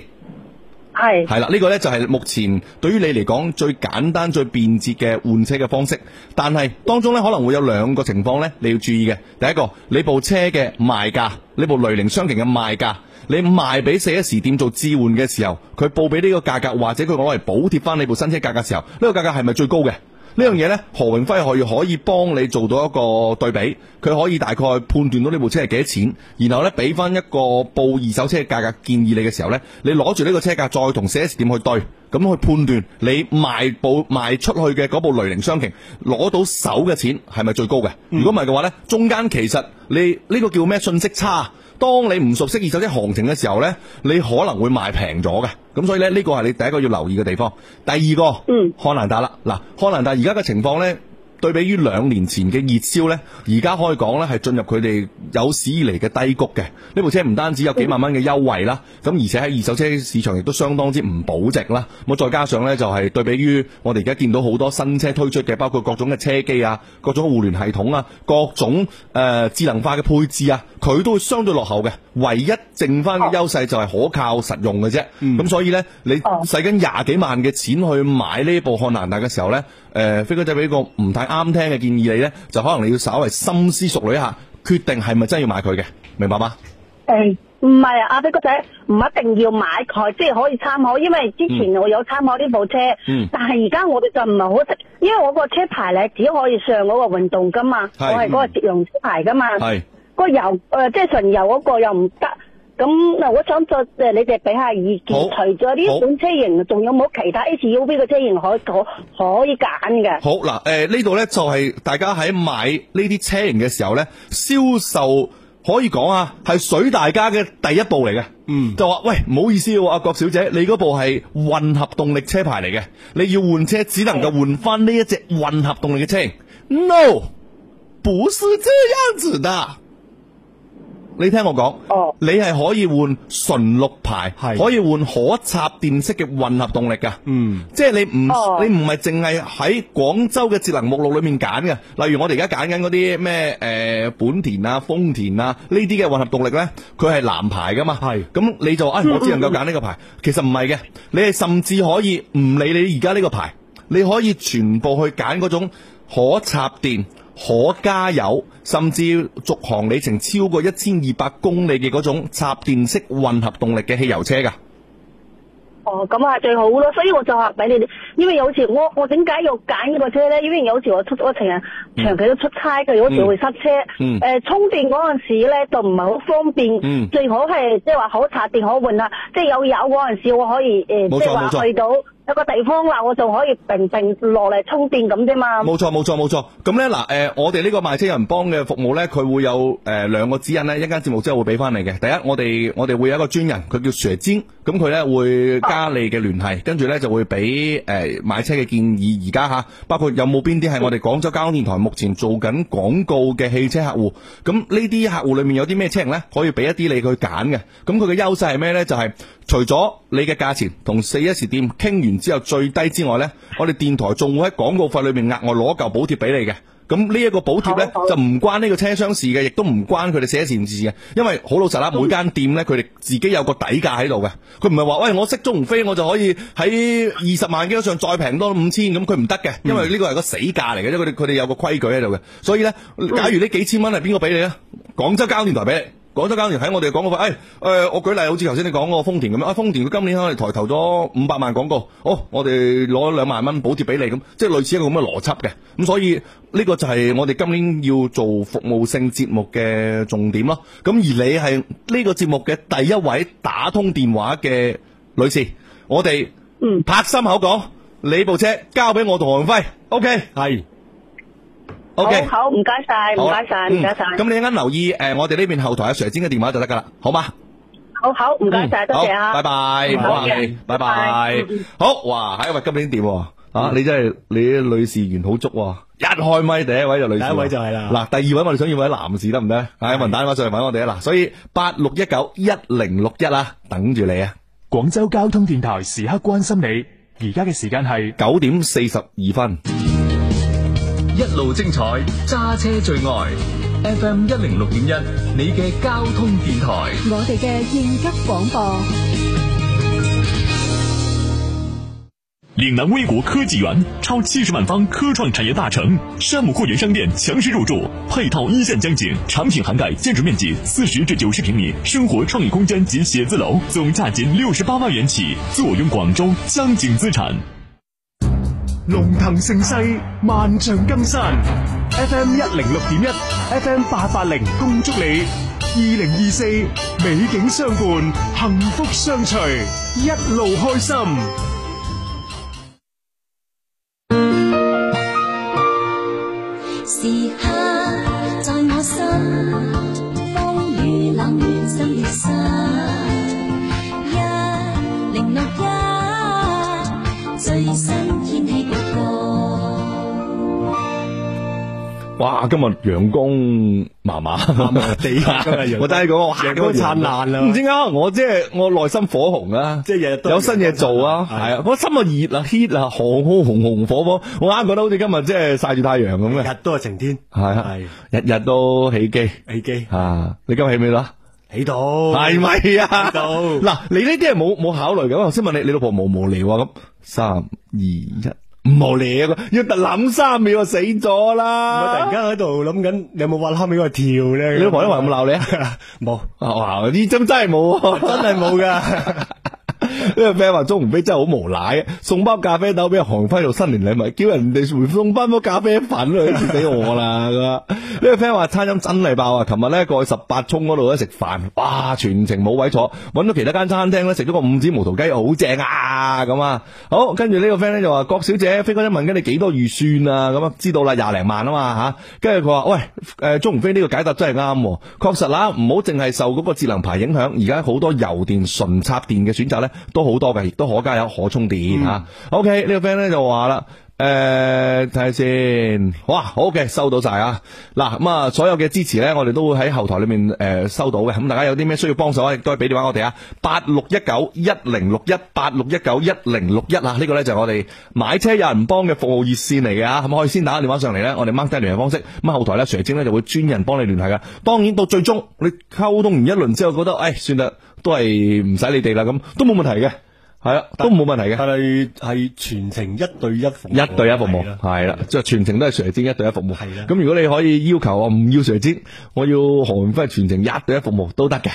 S8: 係，係啦，呢個呢就係目前對於你嚟講最簡單最便捷嘅換車嘅方式。但係當中呢可能會有兩個情況呢，你要注意嘅，第一個，你部車嘅賣價，你部雷凌雙擎嘅賣價，你賣俾四 S 店，做置換嘅時候，佢報俾呢個價格，或者佢講係補貼翻你部新車價格時候，呢個價格係咪最高嘅？呢樣嘢呢，何榮輝可以可以幫你做到一個對比，佢可以大概判斷到呢部車係幾多錢，然後呢，俾翻一個報二手車嘅價格建議你嘅時候呢，你攞住呢個車價再同 4S 店去對，咁去判斷你賣部賣出去嘅嗰部雷凌雙擎攞到手嘅錢係咪最高嘅？如果唔係嘅話呢，中間其實你呢、呢個叫咩信息差？當你唔熟悉二手車行情嘅時候呢，你可能會賣平咗嘅，咁所以呢，呢個係你第一個要留意嘅地方。第二個，漢蘭達啦，嗱漢蘭達而家嘅情況呢，對比於兩年前嘅熱銷呢，而家可以講呢，係進入佢哋有史以嚟嘅低谷嘅。呢部車唔單止有幾萬蚊嘅優惠啦，咁、嗯、而且喺二手車市場亦都相當之唔保值啦。咁再加上呢，就係、是、對比於我哋而家見到好多新車推出嘅，包括各種嘅車機啊、各種互聯系統啊、各種誒、呃、智能化嘅配置啊。佢都會相對落後嘅，唯一剩翻嘅優勢就係可靠實用嘅啫。咁、嗯、所以呢，你使緊廿幾萬嘅錢去買呢部漢蘭達嘅時候呢，誒、呃，飛哥仔俾個唔太啱聽嘅建議你呢，就可能你要稍微深思熟慮一下，決定係咪真係要買佢嘅，明白嗎？
S6: 誒、嗯，唔係啊，阿飛哥仔唔一定要買佢，即係可以參考，因為之前我有參考呢部車，但係而家我哋就唔係好識，因為我個車牌呢，只可以上嗰個運動噶嘛，嗯、我係嗰個節能車牌噶嘛。個油誒、呃，即係純油嗰個又唔得，咁嗱，我想再誒，你哋俾下意見，除咗呢款車型，仲好有冇其他 SUV 嘅車型可可可以揀嘅？
S8: 好嗱，誒、呃、呢度咧就係、是、大家喺買呢啲車型嘅時候咧，銷售可以講啊，係水大家嘅第一步嚟嘅。嗯，就話喂，唔好意思阿、啊、郭小姐，你嗰部係混合動力車牌嚟嘅，你要換車，只能夠換翻呢一隻混合動力嘅車型。嗯、no，不是這樣子的。你聽我講，oh. 你係可以換純綠牌，的可以換可插電式嘅混合動力嘅，嗯、mm.，即係、oh. 你唔你唔係淨係喺廣州嘅節能目錄裏面揀嘅，例如我哋而家揀緊嗰啲咩誒本田啊、豐田啊呢啲嘅混合動力呢，佢係藍牌噶嘛，係咁的你就誒、哎、我只能夠揀呢個牌，其實唔係嘅，你係甚至可以唔理你而家呢個牌，你可以全部去揀嗰種可插電。可加油，甚至續航里程超過一千二百公里嘅嗰種插電式混合動力嘅汽油
S7: 車噶。
S6: 哦，咁啊係最好咯，所以我就話俾你哋，因為有時我我點解要揀呢個車咧？因為有時我出一程啊，長期都出差嘅，有時會塞車。嗯。誒、呃，充電嗰陣時咧就唔係好方便。嗯。最好係即係話可插電可換啊！即係有油嗰陣時我可以誒、呃、冇錯，即係話去到。有個地方啦，我
S8: 仲可以靜靜落嚟充電咁啫嘛，冇錯冇錯冇錯，咁呢嗱，誒，我哋呢個買車人幫嘅服務呢，佢會有誒兩個指引呢，一間節目之後會俾翻你嘅。第一，我哋我哋會有一個專人，佢叫佘堅，啊，咁佢呢會加你嘅聯繫，跟住呢就會俾誒買車嘅建議而家吓，包括有冇邊啲係我哋廣州交通電台目前做緊廣告嘅汽車客戶，咁呢啲客戶裏面有啲咩車型呢？可以俾一啲你去揀嘅。咁佢嘅優勢係咩呢？就係，是。除咗你嘅價錢同四 S 店傾完之後最低之外呢，我哋電台仲會喺廣告費裏面額外攞嚿補貼俾你嘅。咁呢一個補貼呢，就唔關呢個車商事嘅，亦都唔關佢哋四 S 店事嘅，因為好老實啦，嗯、每間店呢，佢哋自己有個底價喺度嘅。佢唔係話喂，我識鍾紅飛我就可以喺二十萬基礎上再平多五千，咁佢唔得嘅，因為呢個係個死價嚟嘅，因為佢哋佢哋有個規矩喺度嘅。所以呢，假如呢幾千蚊係邊個俾你呢？廣州交電台俾你。廣州加油喺我哋講嗰句，誒，誒，我舉例好似頭先你講嗰個豐田咁樣，啊，豐田佢今年可能抬頭咗五百萬廣告，好，我哋攞兩萬蚊補貼俾你咁，即係類似一個咁嘅邏輯嘅，咁所以呢個就係我哋今年要做服務性節目嘅重點咯。咁而你係呢個節目嘅第一位打通電話嘅女士，我哋拍心口講，你部車交俾我同何永輝，OK，係。
S6: O K，好唔該晒，唔該晒，唔該晒。咁你
S8: 一陣留意誒，我哋呢邊後台阿 Sir 先嘅電話就得噶啦，好嗎？
S6: 好好，唔該晒，多謝啊，拜拜，唔好客氣，拜拜。
S8: 好，哇，下一位，今年點啊？你真係你女士緣好足，一開咪第一位就女士。第一位就係啦，嗱，第二位我哋想要位男士得唔得？啊，文達，你馬上嚟問我哋啊，嗱，所以八六一九一零六一啊，等住你啊。廣州交通電台時刻關心你，而家嘅時間係九點四十
S3: 二分。一路精彩，揸車最愛 FM 一零六點一，你嘅交通電台，
S4: 我哋嘅應急廣播。
S3: 嶺南威國科技園
S5: 超七十萬方科創產業大城，山姆會員商店強勢入駐，配套一線江景，產品涵蓋建築面積四十至九十平米生活創意空間及寫字樓，總價僅六十八萬元起，坐擁廣州江景資產。龍騰盛世，萬象更新。FM 一零六點一，FM 八八零，恭祝你二零二四，2024，美景相伴，幸福相隨，一路開心。
S8: 哇！今日陽光麻
S3: 麻地。我真係講，陽光燦爛啦。唔知
S8: 點解我即係我內心火紅啊！即係日日都有新嘢做啊，係啊！我心啊熱啊，heat 啊，紅紅紅火火。我啱覺得好似今日即係曬住太陽咁嘅。日日都係晴天，係係日日都起機，起機啊！你今日起未啦？起到係咪啊？到嗱，你呢啲係冇冇考慮嘅。我先問你，你老婆無無理咁？三二一。冇理啊個，要特諗三秒就死咗啦！我突然間喺度諗緊，你有冇挖坑俾我跳咧？你老婆都話有冇鬧你啊？冇啊 沒！哇呢種真 真係冇，真係冇噶。呢個 friend 話鐘鴻飛真係好無賴，送包咖啡豆俾韓輝做新年禮物，叫人哋回送翻包咖啡粉啊！氣死我啦！咁呢 個 friend 話餐廳真係爆啊！琴日咧過去十八涌嗰度咧食飯，哇，全程冇位坐，揾到其他間餐廳咧食咗個五指毛桃雞，好正啊！咁啊，好，跟住呢個 friend 咧就話郭小姐，飛哥一問緊你幾多預算啊？咁啊，知道啦，廿零萬嘛啊嘛吓。跟住佢話喂，誒，鐘鴻飛呢個解答真係啱，確實啦，唔好淨係受嗰個節能牌影響，而家好多油電純插電嘅選擇咧。都好多嘅，亦都可加油、可充電啊。嗯。OK，呢個 friend 咧就話啦，誒、呃，睇下先，哇，okay，收到晒啊！嗱，咁啊，所有嘅支持咧，我哋都會喺後台裏面誒收到嘅。咁大家有啲咩需要幫手啊，亦都係俾電話 61, 61，我哋啊，八六一九一零六一八六一九一零六一啊，呢個咧就係我哋買車有人幫嘅服務熱線嚟嘅啊，咁可以先打個電話上嚟咧，我哋掹低聯繫方式，咁後台咧，Sir 精咧就會專人幫你聯繫噶。當然到最終你溝通完一輪之後，覺得誒，算啦。都係唔使你哋啦，咁都冇問題嘅，係啦，都冇問題嘅。係，係全程一對一服務，一對一服務，係啦，即係全程都係隨征一對一服務。咁了如果你可以要求我唔要隨征，我要韓輝全程一對一服務都得嘅。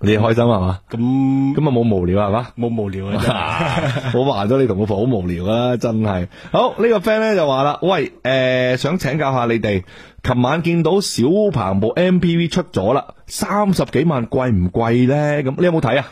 S8: 你開心係嘛？咁咁啊冇無聊係嘛？冇無聊啊！ 我話咗你同我父好無聊啊！真係好呢、這個 friend 咧就話啦，喂誒、呃，想請教下你哋，琴晚見到小鵬部 MPV 出咗啦，三十幾萬貴唔貴咧？咁你有冇睇啊？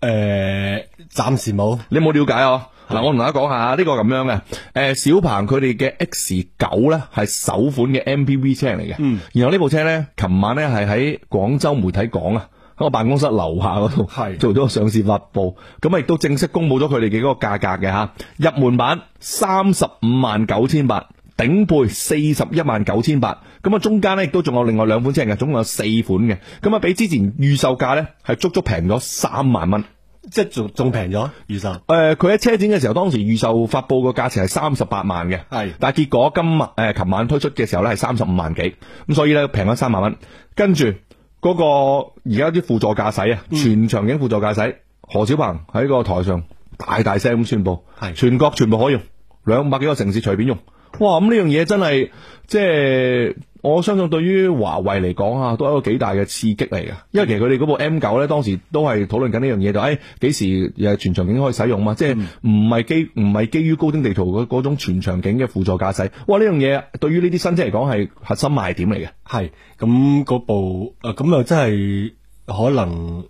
S8: 誒、呃，暫時冇，你冇了解哦。嗱的，我同大家講下呢、這個咁樣嘅，誒、呃，小鵬佢哋嘅 X 九咧係首款嘅 MPV 車嚟嘅。嗯，然後呢部車咧，琴晚咧係喺廣州媒體講啊。喺我辦公室樓下嗰度，係做咗個上市發佈，咁啊亦都正式公布咗佢哋嘅嗰個價格嘅吓，入門版三十五萬九千八，頂配四十一萬九千八，咁啊中間咧亦都仲有另外兩款車型嘅，總共有四款嘅，咁啊比之前預售價咧係足足平咗三萬蚊，即係仲仲平咗預售。誒、呃，佢喺車展嘅時候，當時預售發佈個價錢係三十八萬嘅，係的，但係結果今日誒琴晚推出嘅時候咧係三十五萬幾，咁所以咧平咗三萬蚊，跟住。嗰個而家啲輔助駕駛啊，全場景輔助駕駛，嗯、何小鵬喺個台上大大聲咁宣佈，係是的 全國全部可用，兩百幾個城市隨便用，哇！咁呢樣嘢真係即係。我相信對於華為嚟講啊，都係一個幾大嘅刺激嚟嘅，因為其實佢哋嗰部 M 九咧，當時都係討論緊呢樣嘢，就誒幾時誒全場景可以使用嘛，嗯、即係唔係基唔係基於高精地圖嗰種全場景嘅輔助駕駛，哇！呢樣嘢對於呢啲新車嚟講係核心賣點嚟嘅，係咁嗰部誒咁、啊、又真係可能。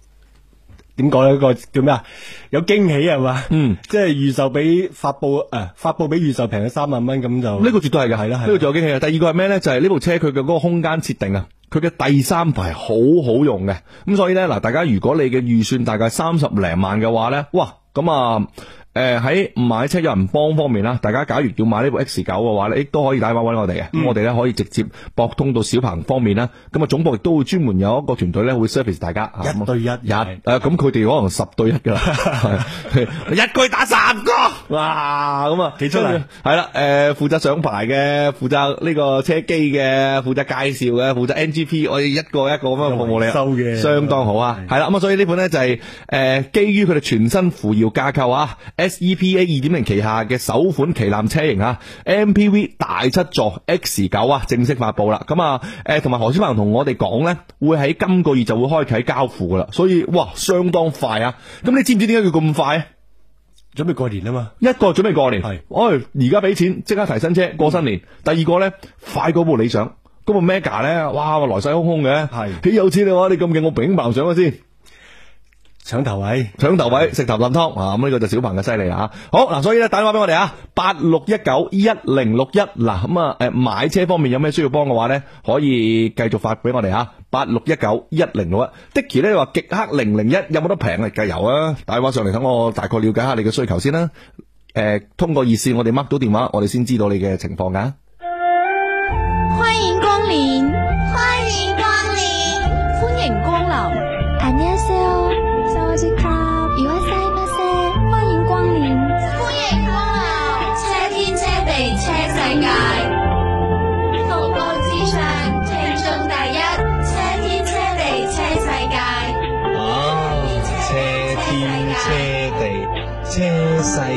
S8: 點講呢？嗰個叫咩啊？有驚喜係嘛？嗯，即係預售比發布誒、啊，發佈比預售平咗三萬蚊咁就。呢個絕對係嘅，係啦，係。呢個就有驚喜嘅。第二個係咩咧？就係、是、呢部車佢嘅嗰個空間設定啊，佢嘅第三排好好用嘅。咁所以咧，嗱，大家如果你嘅預算大概三十零萬嘅話咧，哇，咁啊。誒，喺買車有人幫方面啦，大家假如要買呢部 X 九嘅話咧，亦都可以打電話搵我哋嘅，咁我哋咧可以直接撥通到小鵬方面啦。咁啊總部亦都會專門有一個團隊咧會 service 大家。一對一，一誒，咁佢哋可能十對一噶啦，係一句打十個，哇咁啊，幾出嚟？係啦，誒，負責上牌嘅，負責呢個車機嘅，負責介紹嘅，負責 NGP，我哋一個一個咁樣服務你，收嘅，相當好啊。係啦，咁啊，所以呢款咧就係誒，基於佢哋全新扶搖架構啊。S, S E P A 二點零旗下嘅首款旗艦車型啊，M P V 大七座 X 九啊，正式發布啦！咁啊，誒、呃，同埋何小鵬同我哋講咧，會喺今個月就會開啟交付噶啦，所以哇，相當快啊！咁你知唔知點解要咁快啊？
S5: 準備過年啊嘛，
S8: 一個準備過年，係是，哎，而家俾錢即刻提新車過新年。嗯、第二個咧，快過部理想，嗰部 Mega 咧，哇，來勢洶洶嘅，係是，幾有錢嘅話、啊，你咁勁，我頂爆上先。搶頭位，搶頭位，食頭啖湯啊！咁呢個就小鵬嘅犀利啊！好嗱，所以咧打電話俾我哋啊，八六一九一零六一嗱，咁啊，誒，買車方面有咩需要幫嘅話咧，可以繼續發俾我哋吓，八六一九一零六一。Dicky 咧話極氪零零一，有冇得平啊？計油啊！打電話上嚟，等我大概了解下你嘅需求先啦。誒，通過熱線我哋 mark 到電話，我哋先知道你嘅情況噶。
S1: 歡迎。
S2: 世界，哎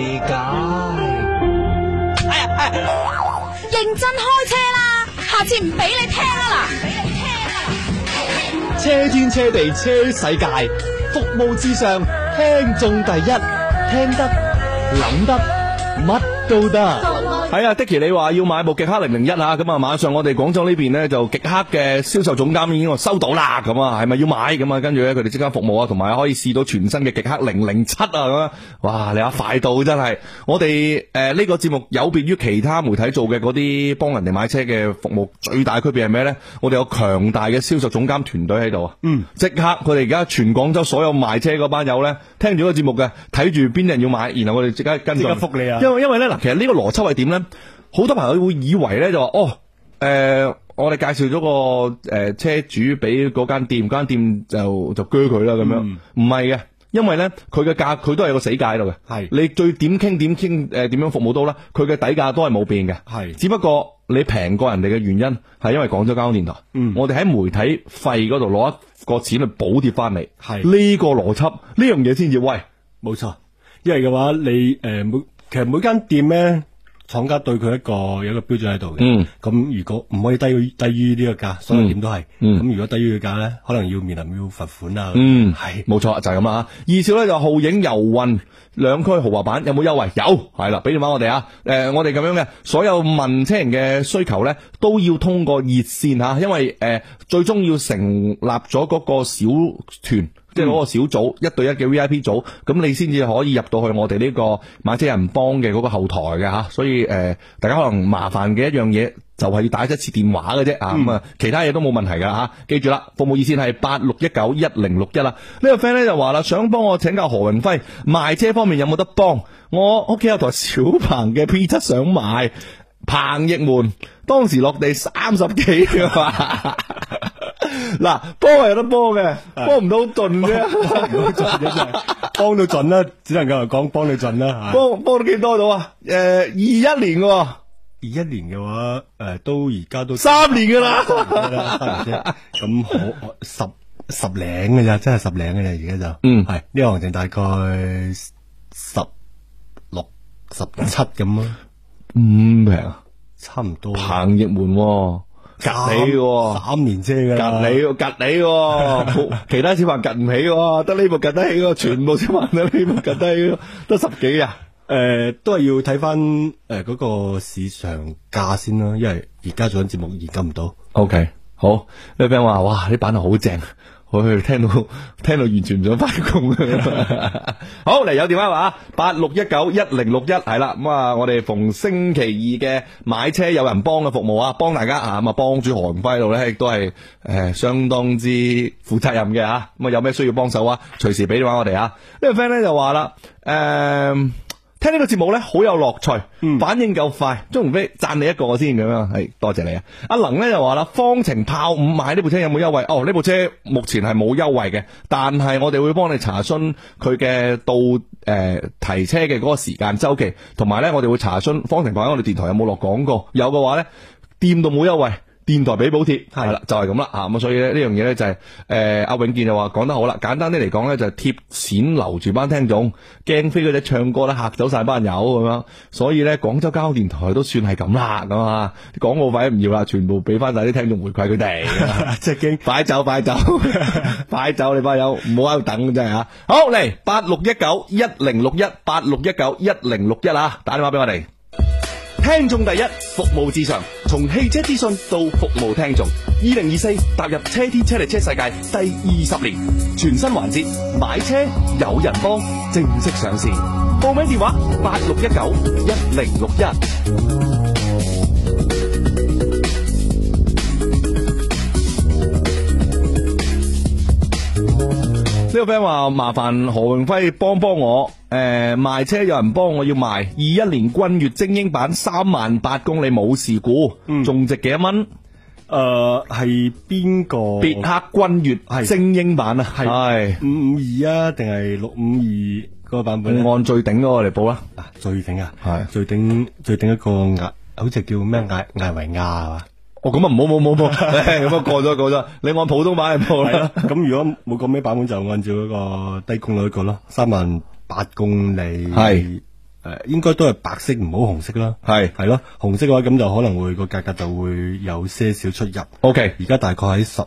S1: 呀哎
S4: 呀，認真開車啦，下次唔俾你聽啦嗱，
S8: 車天車地車世界，服務至上，聽眾第一，聽得諗得乜都得。係啊，Dickie，你話要買部極客零零一啊？咁啊，晚上我哋廣州呢邊呢，就極客嘅銷售總監已經收到啦，咁啊，係咪要買？咁啊，跟住咧佢哋即刻服務啊，同埋可以試到全新嘅極客零零七啊，咁啊，哇，你啊，快到真係！我哋誒呢個節目有別於其他媒體做嘅嗰啲幫人哋買車嘅服務，最大區別係咩呢？我哋有強大嘅銷售總監團隊喺度啊！嗯，即刻佢哋而家全廣州所有賣車嗰班友呢，聽住個節目嘅，睇住邊人要買，然後我哋即刻跟住，復你啊！因為因為咧嗱，其實個呢個邏輯係點咧？好多朋友會以為咧就話哦，誒、呃，我哋介紹咗個誒車主俾嗰間店，嗰間店就就鋸佢啦咁樣，唔係嘅，因為咧佢嘅價佢都係有個死價喺度嘅，係是你最點傾點傾誒點樣服務到啦，佢嘅底價都係冇變嘅，係是只不過你平過人哋嘅原因係因為廣州交通電台，嗯、我哋喺媒體費嗰度攞一個錢去補貼翻嚟，係呢是個邏輯呢樣嘢先至，喂、這個，冇錯，因為嘅話你誒每其實每間店咧。廠家對佢一個有一個標準喺度嘅，咁、嗯、如果唔可以低於低於呢個價，所有店都係咁。嗯、如果低於佢價咧，可能要面臨要罰款啦、啊。嗯，係冇錯就係咁啦。二少咧就浩影遊運兩區豪華版有冇優惠？有係啦，俾電話我哋啊，誒、呃，我哋咁樣嘅所有問車人嘅需求咧，都要通過熱線吓、啊，因為誒、呃、最終要成立咗嗰個小團。即係嗰個小組一對一嘅 VIP 組，咁你先至可以入到去我哋呢個買車人幫嘅嗰個後台嘅吓，所以誒、呃，大家可能麻煩嘅一樣嘢就係要打一次電話嘅啫啊，咁啊、嗯，其他嘢都冇問題噶吓，記住啦，服務熱線係八六一九一零六一啊。呢個 friend 咧就話啦，想幫我請教何雲輝賣車方面有冇得幫？我屋企有台小鵬嘅 P 七想買，鵬翼門，當時落地三十幾啊。 嗱，幫係有得幫嘅，幫唔是到盡啫幫，
S10: 幫 到盡啦， 只能夠講幫你盡啦，
S8: 幫幫到幾多度啊？誒、呃，二一年嘅、哦，二一年嘅話，誒、呃，到而家都，都三年噶啦，
S10: 咁 可
S8: 十十零嘅咋，真係十零嘅咋，而家就，嗯，係呢、這個、行情大概十六十七咁咯，唔、嗯、平啊，差唔多，彭亦門。隔你喎，啊、三年啫嘅、啊啊，隔你、啊，隔你喎，其他小朋友隔唔起喎、啊，得呢部隔得起喎、啊， 全部小朋友呢部隔低，得十幾啊。誒、 呃，都係要睇翻誒嗰個市場價先啦，因為而家做緊節目而家唔到。O、okay, K，好，呢邊話，哇，呢版好正。我去聽到聽到完全唔想翻工 好嚟有電話話？八六一九一零六一係啦，咁啊，我哋逢星期二嘅買車有人幫嘅服務幫啊，幫大家啊，咁啊幫住韓輝度咧，亦都係誒相當之負責任嘅啊！咁啊有咩需要幫手啊？隨時俾電話我哋啊！這個、呢個 friend 咧就話啦，誒、啊。聽呢個節目呢，好有樂趣，嗯、反應夠快。鍾鴻飛，讚你一個先咁樣，係多謝你啊！阿能呢就話啦，方程炮五買呢部車有冇優惠？哦，呢部車目前係冇優惠嘅，但係我哋會幫你查詢佢嘅到誒、呃、提車嘅嗰個時間周期，同埋呢，我哋會查詢方程炮喺我哋電台有冇落廣告，有嘅話呢，掂到冇優惠。電台俾補貼係啦，就係咁啦吓，咁所以咧，呢樣嘢咧就係誒，阿、啊、永健就話講得好啦，簡單啲嚟講咧就係、是、貼錢留住班聽眾，驚飛佢哋唱歌咧吓走晒班友咁樣，所以咧廣州交通電台都算係咁啦咁啊！廣告費唔要啦，全部俾翻晒啲聽眾回饋佢哋，真、啊、驚！快 吃驚 走快走快走， 走，你班友唔好喺度等真係啊！好嚟八六一九一零六一八六一九一零六一啊！61, 61, 打電話俾我哋。聽眾第一，服務至上，從汽車資訊到服務聽眾。二零二四踏入車天車地車世界第二十年，全新環節買車有人幫正式上線，報名電話八六一九一零六一。呢個 friend 話麻煩何榮輝幫幫我，誒、呃、賣車有人幫我要賣二一年君越精英版三萬八公里冇事故，仲、嗯、值幾多蚊？誒係邊個？別克君越係精英版啊？係五五二啊？定係六五二嗰個版本？按最頂嗰個嚟報啦啊，最頂啊！係最頂最頂一個艾，好似叫咩艾艾維亞係哦，咁啊唔好，唔好，唔好，咁啊過咗，過咗。你按普通版嚟報啦。咁如果冇咁咩版本，就按照嗰個低功率一個咯，三萬八公里。係，誒，應該都係白色，唔好紅色啦。係，係咯，紅色嘅話，咁就可能會個價格就會有些少出入。OK，而家大概喺十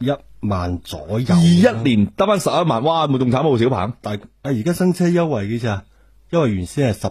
S8: 一萬左右。二一年得翻十一萬，哇，冇仲慘喎，小鵬。但係，啊，而家新車優惠幾啊？因為原先係十。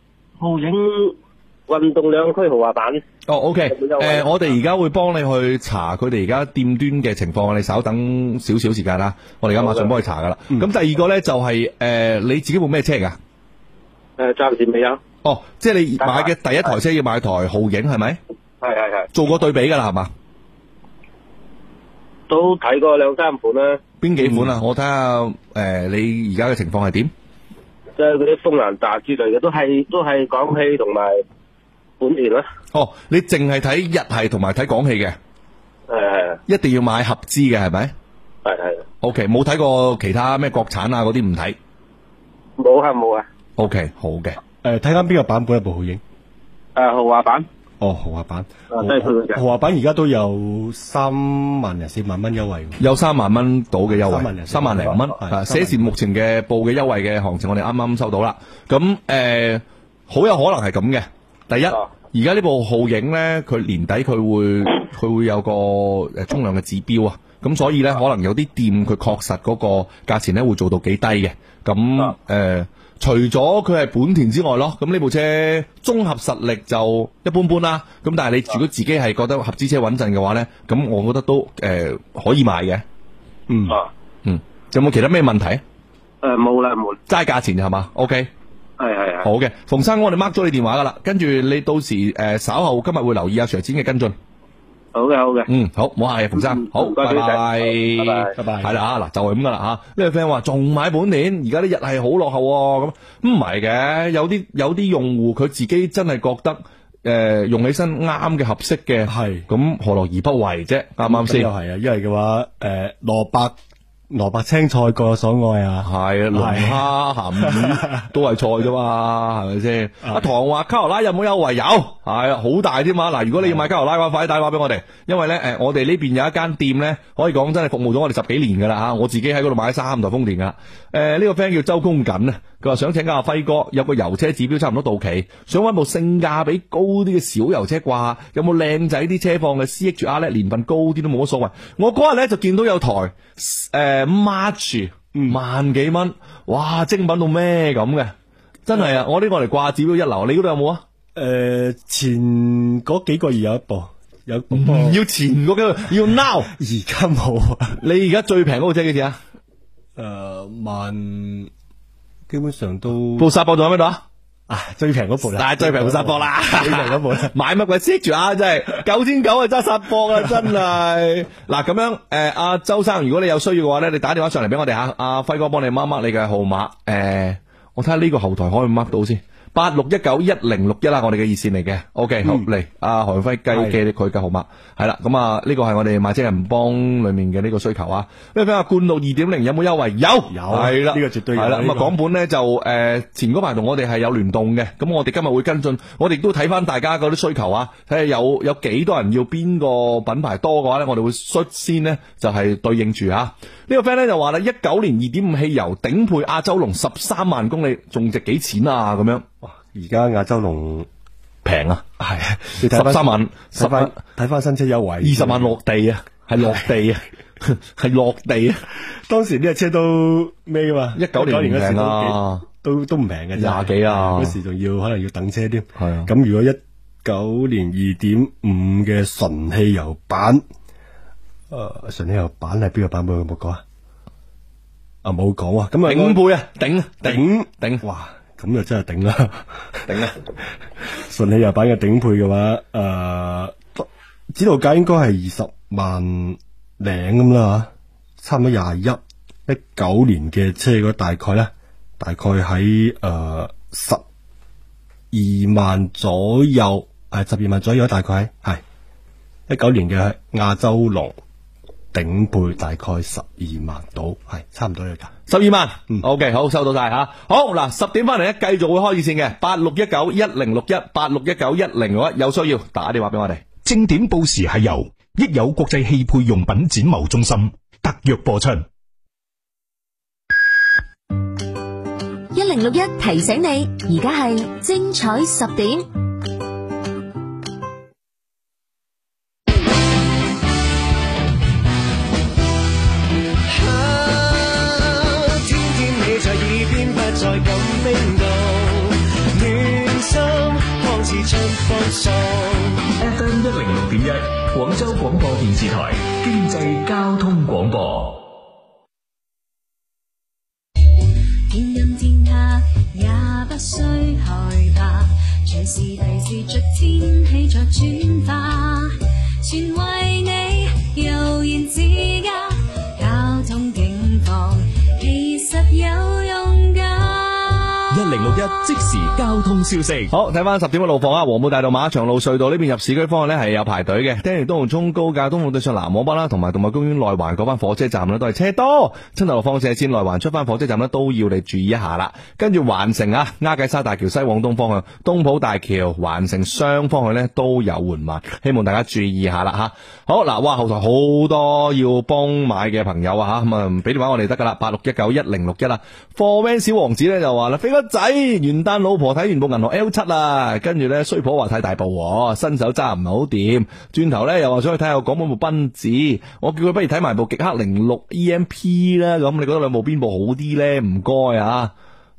S10: 影運皓影運動兩驅豪華版。哦、oh，OK，
S8: 誒，呃呃、我哋而家會幫你去查佢哋而家店端嘅情況，你稍等少少時間啦。我哋而家馬上幫你查噶啦。咁、嗯、第二個咧就係、是、誒、呃，你自己部咩車噶？誒、
S10: 呃，暫時未有。哦，即係你買嘅第一台
S8: 車要買台皓影係咪？係係係。
S10: 是
S8: 是是做過對比噶啦，係嘛？
S10: 都睇過兩三款啦。邊幾款啊？
S8: 我睇下，誒、呃，你而家嘅情況係點？
S10: 即係嗰啲鋒蘭達之類嘅，都係都係廣汽同埋
S8: 本田啦。哦，你淨係睇日系同埋睇廣汽嘅？係係，一定要買合資嘅係咪？係係。O K，冇睇過其他咩國產啊，嗰啲唔睇。
S10: 冇啊
S8: 冇啊。O K，好嘅。誒，睇緊邊個版本嘅皓影？
S10: 誒，豪華版。哦，豪華版，豪
S8: 華何何版而家都有三萬零四萬蚊優惠，有三萬蚊到嘅優惠，三萬零三蚊。寫字目前嘅報嘅優惠嘅行程，我哋啱啱收到啦。咁誒，好、呃、有可能係咁嘅。第一，而家呢部皓影呢，佢年底佢會佢會有個誒衝量嘅指標啊。咁所以呢，可能有啲店佢確實嗰個價錢呢會做到幾低嘅。咁誒。啊啊。除咗佢係本田之外咯，咁呢部車綜合實力就一般般啦。咁但係你如果自己係覺得合資車穩陣嘅話呢，咁我覺得都誒、呃、可以買嘅。嗯。哦。嗯。有冇其他咩問題？
S10: 誒、呃，冇啦，
S8: 冇。齋價錢係嘛 okay? 係嘅？OK。係係好嘅，馮生，我哋 mark 咗你電話噶啦，跟住你到時誒、呃、稍後今日會留意阿卓先嘅跟進。好嘅好嘅，嗯好，唔好客氣，馮生，拜
S7: 拜好，拜拜，拜
S8: 拜，拜拜，係啦，嗱就係咁噶啦吓，呢位 friend 話仲買本年，而家啲日係好落後。哦，咁唔係嘅，有啲有啲用戶佢自己真係覺得，誒、呃、用起身啱嘅合適嘅，係，咁何樂而不為啫，啱唔啱先？又係啊，因為嘅話，誒羅伯。蘿卜蘿蔔青菜各有所愛啊，係啊，龍蝦鹹魚都係菜啫嘛，係咪先？阿 唐話卡羅拉有冇優惠？有，係啊，好大添嘛。嗱，如果你要買卡羅拉嘅話，快啲打電話俾我哋，因為咧，誒，我哋呢邊有一間店咧，可以講真係服務咗我哋十幾年噶啦吓，我自己喺嗰度買咗三台豐田噶。誒、呃，呢、這個 friend 叫周公瑾啊，佢話想請教阿輝哥，有個油車指標差唔多到期，想搵部性價比高啲嘅小油車啩，有冇靚仔啲車放嘅？CHR 壓咧，年份高啲都冇乜所謂。我嗰日咧就見到有台誒。呃 March 萬幾蚊，哇，精品到咩咁嘅，真係啊！呃、我呢個嚟掛指標一流，你嗰度有冇啊？誒、呃，前嗰幾個月有一部，有個、嗯、要前嗰幾個月， 要 now 而家冇。啊。 你而家最平嗰部車幾錢啊？誒，萬基本上都布沙布咗喺邊度啊？最平嗰部啦，但係最平部殺破啦，最平嗰部，買乜鬼 set 住啊！真係九千九啊，真係殺破啊，真係，嗱，咁樣誒，阿、呃、周生，如果你有需要嘅話咧，你打電話上嚟俾我哋吓，阿、啊、輝哥幫你 mark mark 你嘅號碼，誒、呃，我睇下呢個後台可唔可 mark 到先。八六一九一零六一啦，我哋嘅熱線嚟嘅，OK，、嗯、好嚟，阿韓輝雞記佢嘅號碼，係啦，咁啊，呢個係我哋買車人幫裏面嘅呢個需求啊。呢、這個 friend 啊，冠道二點零有冇優惠？有，有係啦，呢了個絕對有啦。咁啊，港本呢，就誒、呃，前嗰排同我哋係有聯動嘅，咁我哋今日會跟進，我哋都睇翻大家嗰啲需求啊，睇下有有幾多人要邊個品牌多嘅話呢，我哋會率先呢，就係、是、對應住吓、啊。呢、這個 friend 呢，就話啦，一九年二點五汽油頂配亞洲龍十三萬公里，仲值幾錢啊？咁樣。而家亞洲龍平啊，係十三萬，十萬睇翻新車優惠二十萬落地啊，係落地啊，係落地啊。當時呢隻車都咩噶嘛？一九年嗰時都都唔平嘅，廿幾啊，嗰時仲要可能要等車添。係啊。咁如果一九年二點五嘅純汽油版，誒，純汽油版係邊個版本？有冇講啊？啊冇講啊，咁啊頂背啊，頂頂頂哇！咁就真係頂啦，頂啦了！順起 日版嘅頂配嘅話，誒、呃，指導價應該係二十萬零咁啦，差唔多廿一，一九年嘅車大概咧，大概喺誒十二萬左右，係十二萬左右，大概係一九年嘅亞洲龍。頂背大概十二萬到，係差唔多呢個價，十二萬。嗯，O K，好收到晒吓。好嗱，十點翻嚟咧，繼續會開熱線嘅，八六一九一零六一八六一九一零六一，有需要打電話俾我哋。
S3: 正點報時係由益友國際汽配用品
S8: 展貿中心特約播出。一
S1: 零六一提醒你，而家係精彩十點。
S3: FM 一零六點一，廣州廣播電視台經濟交通廣
S1: 播。
S3: 零六一即時交通消息，好睇翻十點嘅路況啊！黃埔大道馬
S8: 場路隧道呢邊入市區方向呢係有排隊嘅。跟住東濠涌高架、東涌對上南往北啦，同埋動物公園內環嗰班火車站呢都係車多。青塔路放射線內環出翻火車站呢都要你注意一下啦。跟住環城啊，丫髻沙大橋西往東方向、東圃大橋、環城雙方向呢都有緩慢，希望大家注意下啦吓、啊。好嗱，哇！後台好多要幫買嘅朋友啊吓，咁啊俾電話我哋得噶啦，八六一九一零六一啦。For Man 小王子呢就話啦，飛睇、哎、元旦老婆睇完部銀河 L 七啊，跟住咧衰婆話太大部、啊，新手揸唔係好掂，轉頭咧又話想去睇下港本部賓子，我叫佢不如睇埋部極黑零六 EMP 啦，咁你覺得兩部部、啊、的兩部邊部好啲咧？唔該啊，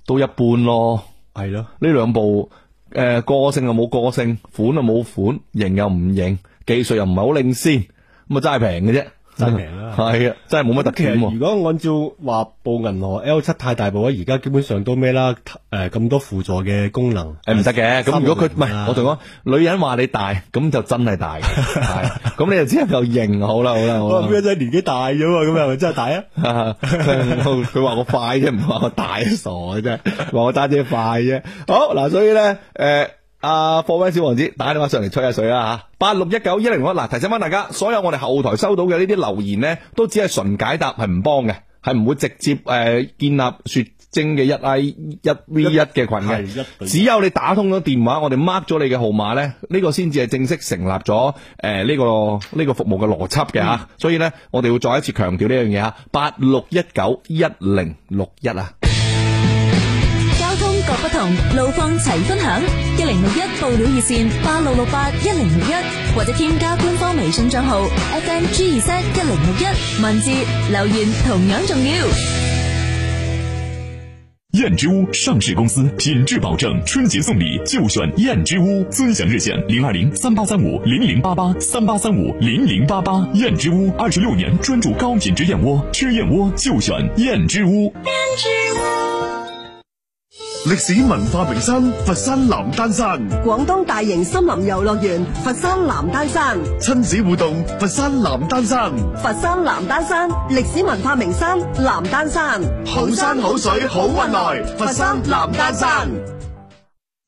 S8: 都一般咯，係咯，呢兩部誒個性又冇個性，款又冇款，型又唔型，技術又唔係好領先，咁啊齋平嘅啫。真名啦，係啊， 真係冇乜特點。如果按照話報銀河 L 七太大部咧，而家基本上都咩啦？誒、呃，咁多輔助嘅功能，誒唔得嘅。咁、啊、如果佢唔係我同你講，女人話你大，咁就真係大。咁 你就只係又型好啦，好啦，好啦，我阿妹真係年紀大咗，咁係咪真係大啊？佢話、 嗯、我快啫，唔話我大傻啫，話我揸車快啫。好嗱，所以咧，誒、呃。呃呃阿科威小王子打電話上嚟吹下水啦吓，八六一九一零一嗱，提醒翻大家，所有我哋後台收到嘅呢啲留言呢，都只係純解答，係唔幫嘅，係唔會直接誒建立說證嘅一 I 一 V 一嘅群嘅，只有你打通咗電話，我哋 mark 咗你嘅號碼呢，呢個先至係正式成立咗誒呢個呢個服務嘅邏輯嘅吓，所以呢我哋會再一次強調呢樣嘢吓，八六一九一零六一啊。
S1: 不同路況齊分享，61, 報一零六一報料熱線八六六八一零六一，8 8, 61, 或者添加官方微信賬號 FM G 二三一零六一，文字留言同樣重要。
S5: 燕之屋上市公司，品質保證，春節送禮就選燕之屋，尊享熱線零二零三八三五零零八八三八三五零零八八。88, 88, 燕之屋二十六年專注高品質燕窩，吃燕窩就選燕之屋。燕之屋
S3: 歷史文化名山佛山南丹山，廣東大型森林
S6: 遊樂園佛山南丹山，親子互動佛山南丹山，佛山南丹山歷史文化名山南丹山，好山好水好運來
S2: 佛
S5: 山南丹山。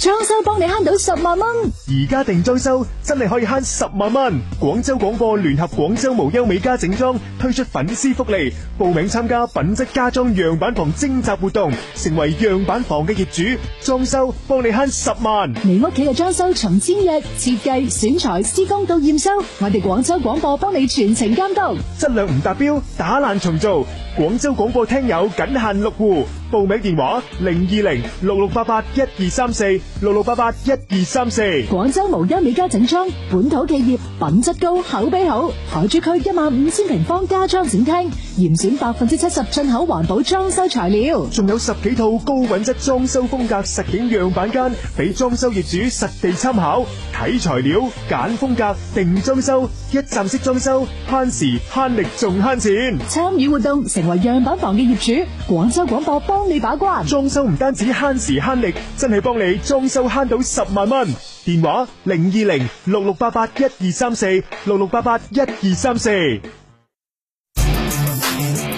S1: 裝修幫你慳到十萬蚊，
S5: 而家定裝修真係可以慳十萬蚊。廣州廣播聯合廣州無憂美家整裝推出粉絲福利，報名參加品質家裝樣板
S4: 房徵集活動，成為樣板房嘅業主，裝修幫你慳十萬。你屋企嘅裝修從簽約、設計、選材、施工到驗收，我哋廣州廣播幫你全程監督，質
S5: 量唔達標打爛重做。廣州廣播聽友僅限
S1: 六戶，報名電話零二零六六八八一二三四。六六八八一二三四，廣州無憂美家整裝，本土企業，品質高，口碑好。海珠區一萬五千平方家裝展廳，嚴選百分之七十進口環保裝修材料，仲有十幾套高品質裝修風格實景樣板間，俾裝修業
S5: 主實地參考，睇材料，揀風格，定裝修，一站式裝修，慳時慳力仲慳錢。參與活動，成為樣板房嘅業主，廣州廣播幫你把關。裝修唔單止慳時慳力，真係幫你裝。收慳到十萬蚊，電話零二零六六八八一二三四六六八八一二三
S3: 四。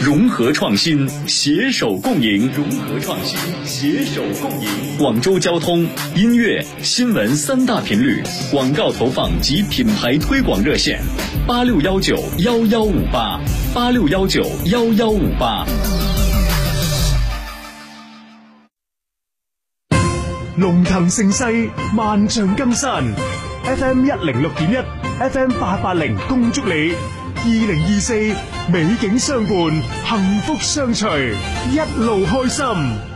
S3: 融合創新，携手共贏。融合創新，
S5: 携手共
S3: 贏。廣州交通音樂新聞三大頻率廣告投放及品牌推廣熱線：八六幺九幺幺五八，八六幺九幺幺五八。龍騰盛世，
S5: 萬象更新。FM 一零六點一，FM 八八零，恭祝你二零二四，2024，美景相伴，幸福相隨，一
S8: 路開心。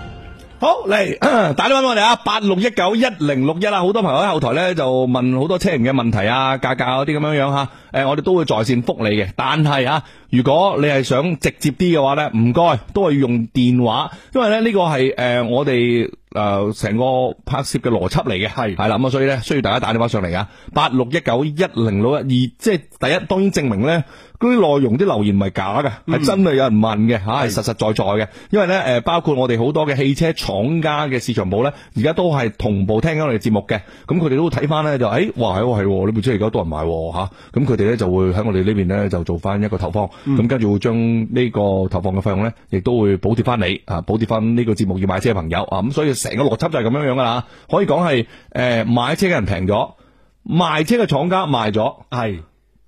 S8: 好嚟，打電話俾我哋啊，八六一九一零六一啦。好多朋友喺後台咧就問好多車型嘅問題啊，價格嗰啲咁樣樣吓。誒，我哋都會在線覆你嘅，但係啊，如果你係想直接啲嘅話咧，唔該，都係用電話，因為咧呢個係誒我哋誒成個拍攝嘅邏輯嚟嘅，係係啦。咁所以咧需要大家打電話上嚟啊，八六一九一零六一二，即係第一，當然證明咧。嗰啲內容啲留言唔係假嘅，係、嗯、真嘅，有人問嘅嚇，係的實實在在嘅。因為咧誒，包括我哋好多嘅汽車廠家嘅市場部咧，而家都係同步聽緊我哋節目嘅。咁佢哋都睇翻咧就，哎，哇，係喎係喎，呢部車而家多人買喎嚇。咁佢哋咧就會喺我哋呢邊咧就做翻一個投放，咁、啊、跟住會將呢個投放嘅費用咧，亦都會補貼翻你啊，補貼翻呢個節目要買車嘅朋友啊。咁所以成個邏輯就係咁樣樣噶啦，可以講係誒買車嘅人平咗，賣車嘅廠家賣咗，係、嗯。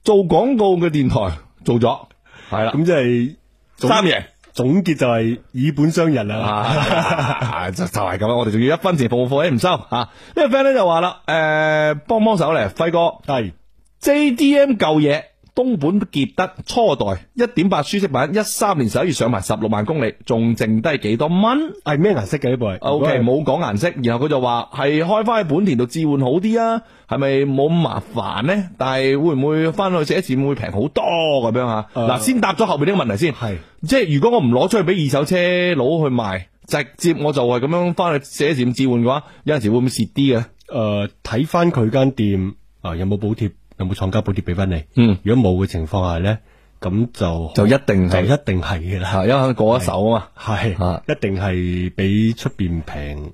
S8: 做廣告嘅電台做咗係啦，咁的即係三爺爺總結就係以本相人啦、啊 啊，就就係咁啦。我哋仲要一分錢報貨，A 唔收吓。呢、啊這個 friend 咧就話啦，誒、呃，幫幫手咧，輝哥係 J D M 舊嘢。東本傑德初代一點八舒適版一三年十一月上埋十六萬公里，仲剩低幾多蚊？係咩顏色嘅呢部？O K，冇講顏色，然後佢就話係開翻去本田度置換好啲啊，係咪冇咁麻煩呢？但係會唔會翻去四 S 店會平好多咁樣吓？嗱、呃，先答咗後面呢個問題先，係、呃、即係如果我唔攞出去俾二手車佬去賣，直接我就係咁樣翻去四 S 店置換嘅話，有陣時會唔會蝕啲嘅？誒、呃，睇翻佢間店啊，有冇補貼？有冇廠家補貼俾翻你？嗯，如果冇嘅情況下咧，咁就就一定就一定係嘅啦。因為過一手啊嘛，係，一定係比出邊平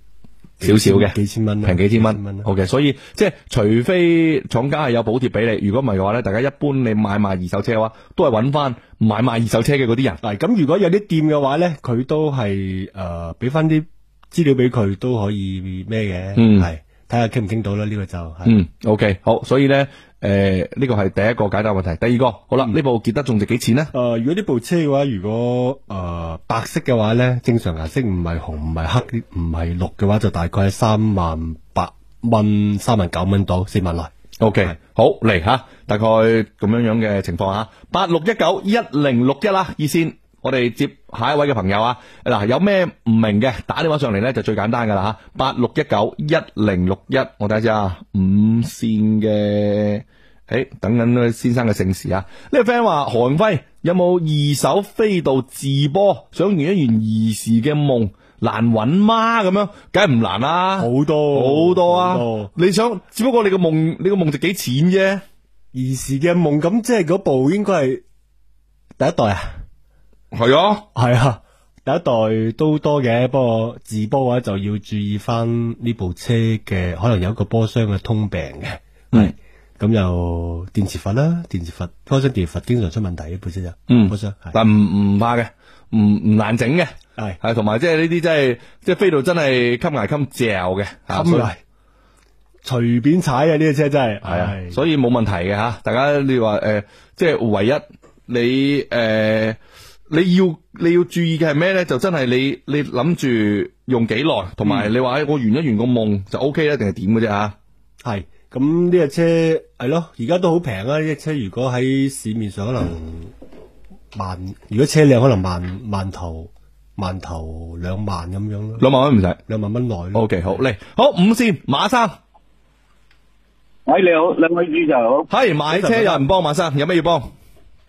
S8: 少少嘅，幾千蚊，平幾千蚊。OK，所以即係除非廠家係有補貼俾你，如果唔係嘅話咧，大家一般你買賣二手車嘅話，都係揾翻買賣二手車嘅嗰啲人。但係咁，如果有啲店嘅話咧，佢都係誒俾翻啲資料俾佢都可以咩嘅？嗯，係睇下傾唔傾到啦。呢個就嗯 OK 好，所以咧。誒，呢、呃，這個係第一個解答問題。第二個，好啦，呢、嗯、部傑德仲值幾錢呢？誒、呃，如果呢部車嘅話，如果誒、呃、白色嘅話咧，正常顏色唔係紅、唔係黑、唔係綠嘅話，就大概係三萬八蚊、三萬九蚊到四萬嚟。OK，好嚟吓，大概咁樣這樣嘅情況吓，八六一九一零六一啦，二線。我哋接下一位嘅朋友啊！嗱，有咩唔明嘅打電話上嚟咧，就最簡單噶啦吓，八六一九一零六一，我睇下先啊。五線嘅，誒、哎，等緊呢位先生嘅姓氏啊。呢個 friend 話韓輝有冇二手飛度自波，想圓一圓兒時嘅夢，難搵嗎？咁樣，梗係唔難啦、啊，好多好多啊！多你想，只不過你個夢，你個夢值幾錢啫？兒時嘅夢，咁即係嗰部應
S10: 該係第一代啊。
S8: 係啊，係 啊，第一代都多嘅，不過自波嘅話就要注意翻呢部車嘅可能有一個波箱嘅通病嘅，係咁又電磁閥啦，電磁閥，波箱電磁閥經常出問題呢部車就，嗯，好但唔唔怕嘅，唔唔難整嘅，係係是，同埋即係呢啲真係即係飛到真係襟挨襟嚼嘅，襟挨引，隨便踩啊呢啲車真係，係啊，所以冇問題嘅吓，大家你話誒、呃，即係唯一你誒。呃呃呃你要你要注意嘅係咩咧？就真係你你諗住用幾耐，同埋你話我圓一圓個夢就 O K 咧，定係點嘅啫吓？係咁呢個車係咯，而家都好平啊！呢個車如果喺市面上可能萬，如果車靚可能萬萬頭萬頭兩萬咁樣咯。兩萬蚊唔使，兩萬蚊內。OK，好嚟，好五線馬生，
S10: 喂你好，兩位主持人好。係買車有人幫馬生，有咩要幫？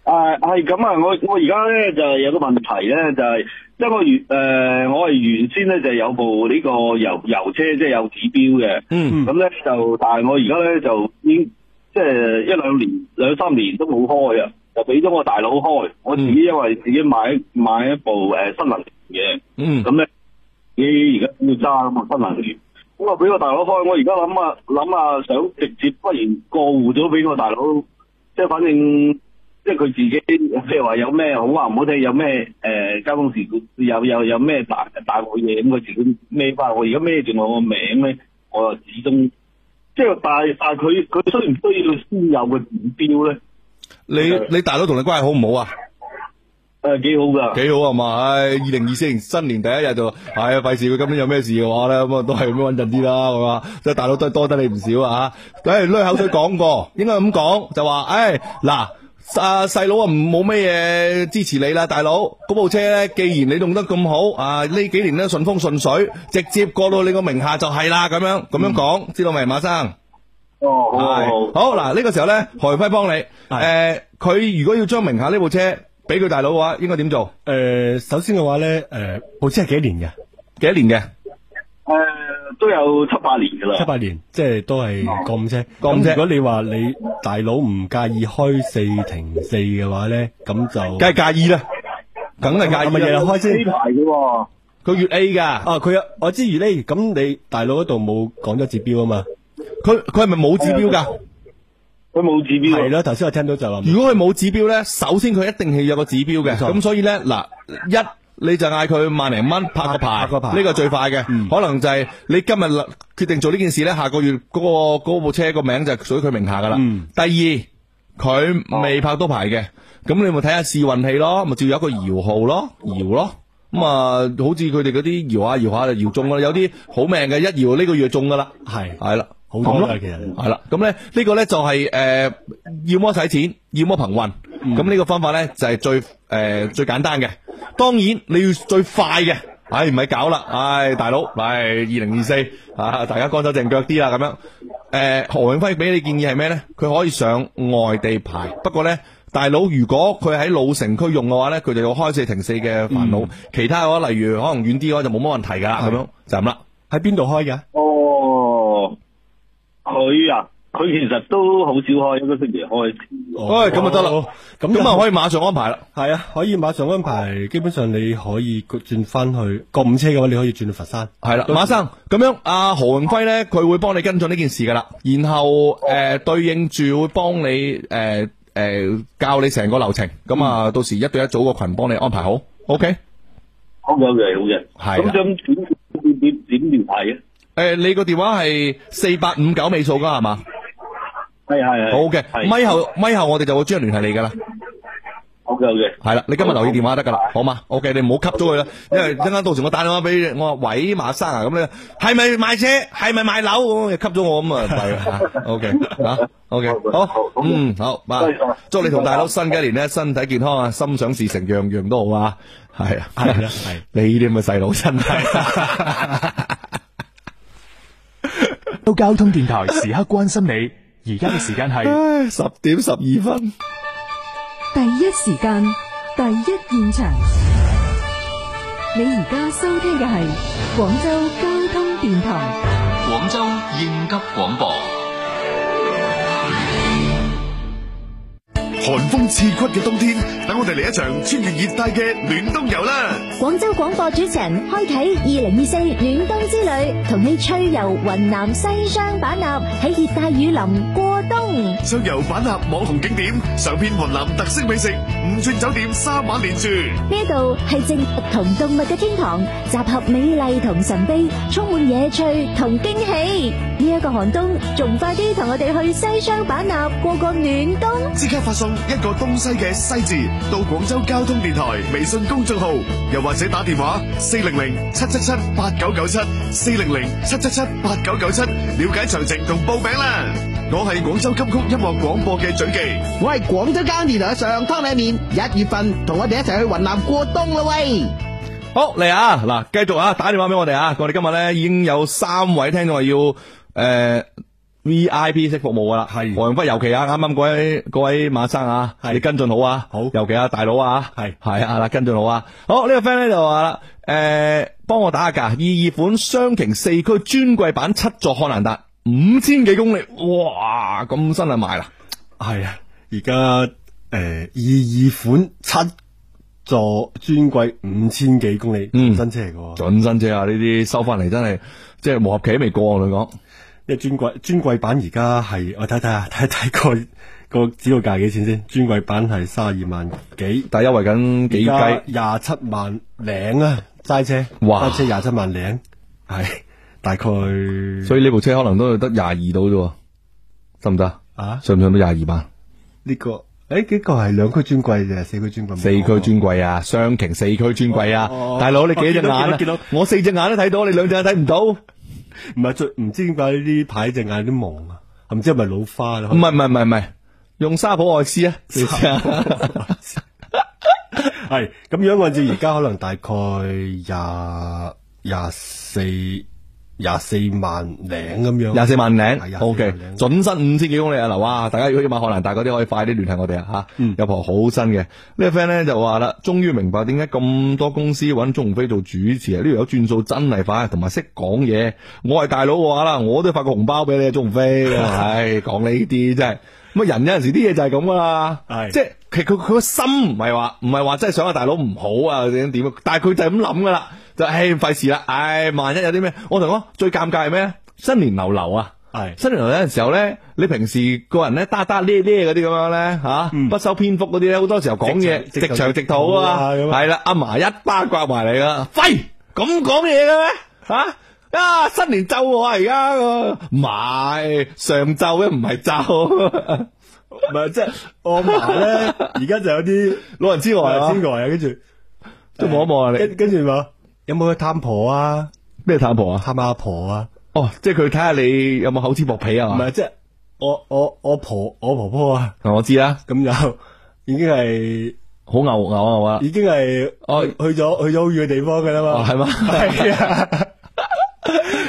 S10: 誒，係咁啊！我我而家咧就有個問題咧，就係、是、因為我原誒、呃，我係原先咧就是、有部呢個油油車，即、就、係、是、有指標嘅。嗯，咁咧就，但係我而家咧就已經即係、就是、一兩年、兩三年都冇開啊，就俾咗我大佬開。嗯、我自己因為自己買買一部誒新能源
S2: 嘅，嗯，
S10: 咁咧你而家要揸咁啊，新能源咁啊，俾我，我大佬開。我而家諗下，諗下想直接，忽然過戶咗俾我大佬，即、就、係、是、反正。即係佢自己，即係話有咩好話唔好聽，有咩誒交通事故，有有有咩大大鑊嘢，咁佢自己孭翻。我而家孭住我個名咧，我又始終即係，但但係佢佢需唔需要先有個指標咧？
S8: 你、嗯、你大佬同你關係好唔好啊？誒、嗯，幾好噶，幾好啊嘛？唉，二零二四年新年第一日就，係、哎、啊，費事佢今年有咩事嘅話咧，咁啊都係咁樣穩陣啲啦，係嘛？即係大佬都係多得你唔少啊！誒、哎，吹口水講過， 應該咁講，就話誒嗱。哎哎阿細佬啊，冇咩嘢支持你啦，大佬。嗰部車咧，既然你用得咁好，啊呢幾年咧順風順水，直接過到你個名下就係啦，咁樣咁樣講，嗯、知道未，馬生？哦，oh, Hi. 好，好嗱，呢、這個時候咧，何輝幫你。誒 Hi.、呃，佢如果要將名下呢部車俾佢大佬嘅話，應該點做？誒、呃，首先嘅話咧，誒、呃，部車係幾年嘅？幾多年嘅？
S10: 誒，都有七八年噶啦，七八年
S8: 即係都係鋼車。咁如果你話你大佬唔介意開四停四嘅話咧，咁就梗係介意啦，
S10: 梗係介意。係咪又開先？A 牌嘅，
S8: 佢粵 A 噶。啊，佢有我知粵 A。咁你大佬嗰度冇講咗指標啊嘛？佢佢係咪冇指標噶？佢冇指標。係咯，頭先我聽到就話，如果佢冇指標咧，首先佢一定係有個指標嘅。咁所以咧，嗱一。你就嗌佢萬零蚊拍個牌，呢、這個最快嘅，嗯、可能就係你今日決定做呢件事呢，下個月嗰、那個嗰部車個名就屬於佢名下噶啦。嗯、第二，佢未拍到牌嘅，咁、哦、你咪睇下試運氣咯，咪照有一個搖號咯，搖咯。咁啊，好似佢哋嗰啲搖下搖下就搖中啦，有啲好命嘅一搖呢個月就中噶啦，係係啦。好咯，啊，哦、其實係啦，咁咧呢個咧就係、是、誒、呃，要麼使錢，要麼憑運，咁呢、嗯、個方法咧就係最誒、呃、最簡單嘅。當然你要最快嘅，唉唔係搞啦，唉、哎、大佬係二零二四啊，大家乾手淨腳啲啦，咁樣誒、呃、何永輝俾你建議係咩咧？佢可以上外地牌，不過咧大佬如果佢喺老城區用嘅話咧，佢就有開四停四嘅煩惱。嗯、其他嘅話，例如可能遠啲嘅話就冇乜問題噶，咁、嗯、是樣就咁啦。喺邊度開嘅？
S10: 佢啊，佢其實都好少開，一個星期開一次。喂，咁啊得啦，咁咁啊可以馬上安排啦。
S8: 係啊，可以馬上安排。基本上你可以轉翻去國五車嘅話，你可以轉到佛山。係啦，馬生咁樣，阿何云輝咧，佢會幫你跟進呢件事噶啦。然後誒，對應住會幫你誒誒，教你成個流程。咁啊，到時一對一組個群幫你安排好。OK，好嘅，又係好嘅。係咁，點點點點聯繫啊？誒，你個電話係四八五九尾數噶係嘛？
S10: 係係係。好嘅，咪後
S8: 咪後，我哋就會專人聯繫你噶啦。
S10: 好嘅，
S8: 係啦，你今日留意電話得噶啦，好嘛？OK，你唔好 cut 咗佢啦，因為一陣間到時我打電話俾我話，喂，馬生啊，咁你係咪買車？係咪買樓？咁又 cut 咗我咁啊？係啊，OK，啊 OK，好，嗯，好，啊，祝你同大佬新一年咧身體健康啊，心想事成，樣樣都好啊，係啊，係啦，係，你啲咁嘅細路
S5: 真係。到交通電台時刻關心你，而家嘅時間係十點十二分。
S4: 第一時間，第一現場，你而家收
S1: 聽嘅係廣州交通電台，
S3: 廣州應急廣播。
S5: 寒風刺骨
S10: 嘅冬天，等我哋嚟一場穿越熱帶嘅暖冬遊啦！
S1: 廣州廣播主持人開啟二零二四暖冬之旅，同你趣遊雲南西雙版納，喺熱帶雨林過冬，
S5: 暢遊版納網紅景點，嘗遍雲南特色美食，五鑽酒店三晚連住。
S1: 呢一度係植物同動物嘅天堂，集合美麗同神秘，充滿野趣同驚喜。呢一個寒冬，仲快啲同我哋去西雙版納過個暖冬！即刻發送。一個東西嘅
S5: 西字，到廣州交通電台微信公眾號，又或者打電話四零零七七七八九九七，四零零七七七八九九七，了解詳情同
S8: 報名啦。我係廣州金曲音樂廣播嘅嘴記，我係廣州交通電台嘅上
S9: 湯李麵，一月份同我哋一齊去雲南過冬啦喂。
S10: 好嚟啊，嗱，
S8: 繼續啊，打電話俾我哋啊，我哋今日咧已經有三位聽眾話要誒。V I P 式服務噶啦，係黃永尤其啊，啱啱嗰位嗰位馬生啊，你是、啊、跟進好啊，好尤其啊大佬啊，係係啊啦跟進好啊，好呢個 friend 咧就話啦，誒幫我打下價，二二款雙擎四驅尊貴版七座漢蘭達，五千幾公里，哇咁新買啊賣啦，係啊而家誒二二款七座尊貴五千幾公里，嗯新車嚟個、啊，準新車啊呢啲收翻嚟真係即係磨合期都未過我、啊、講。就是即係尊貴尊貴版，而家係我睇睇啊，睇睇個個指導價幾錢先？尊貴版係三十二萬幾，但係優惠緊幾低？廿七萬零啊，齋車，齋車廿七萬零，係大概。所以呢部車可能都係得廿二到啫，得唔得啊？上唔上到廿二萬？呢個誒，呢個係兩驅尊貴定係四驅尊貴？四驅尊貴啊，雙擎四驅尊貴啊！大佬，你幾隻眼啊？我四隻眼都睇到，你兩隻眼睇唔到。唔係最唔知點解呢排隻眼有啲蒙啊，唔知係咪老花啦？唔係唔係唔係唔係，用沙普愛思啊，係咁樣按照而家可能大概廿廿四。廿四萬零咁樣，廿四萬零，O K，準新五千幾公里啊嗱，哇！大家如果要買漢蘭達嗰啲，可以快啲聯繫我哋、嗯、啊吓，有部好新嘅。這個、呢個 friend 咧就話啦，終於明白點解咁多公司搵鐘榮飛做主持啊？呢條友轉數真係快，同埋識講嘢。我係大佬嘅話啦，我都發個紅包俾你啊，鐘榮飛。唉、 哎，講呢啲真係咁啊！人有陣時啲嘢就係咁噶啦，即係佢佢佢個心唔係話唔係話真係想話大佬唔好啊點點，但係佢就係咁諗噶啦。就係，費事啦！誒，萬一有啲咩，我同我最尷尬係咩？新年流流啊！係新年流有陣時候咧，你平時個人咧，打打咧咧嗰啲咁樣咧，吓不修邊幅嗰啲咧，好多時候講嘢直腸直肚啊，係啦，阿嫲一巴刮埋嚟啦，廢咁講嘢嘅咩？吓啊！新年咒我啊，而家個唔係上晝嘅，唔係咒，唔係即係我阿嫲咧，而家就有啲老人痴呆啊，痴呆啊，跟住都望一望你，跟住嘛。有冇去探婆啊？咩探婆啊？探阿婆啊？哦，即係佢睇下你有冇口齒薄皮啊？唔係，即係我我我婆我婆婆啊？我知啦，咁就，已經係好牛牛啊嘛？已經係我去咗去咗好遠嘅地方噶啦嘛？係嘛？係啊，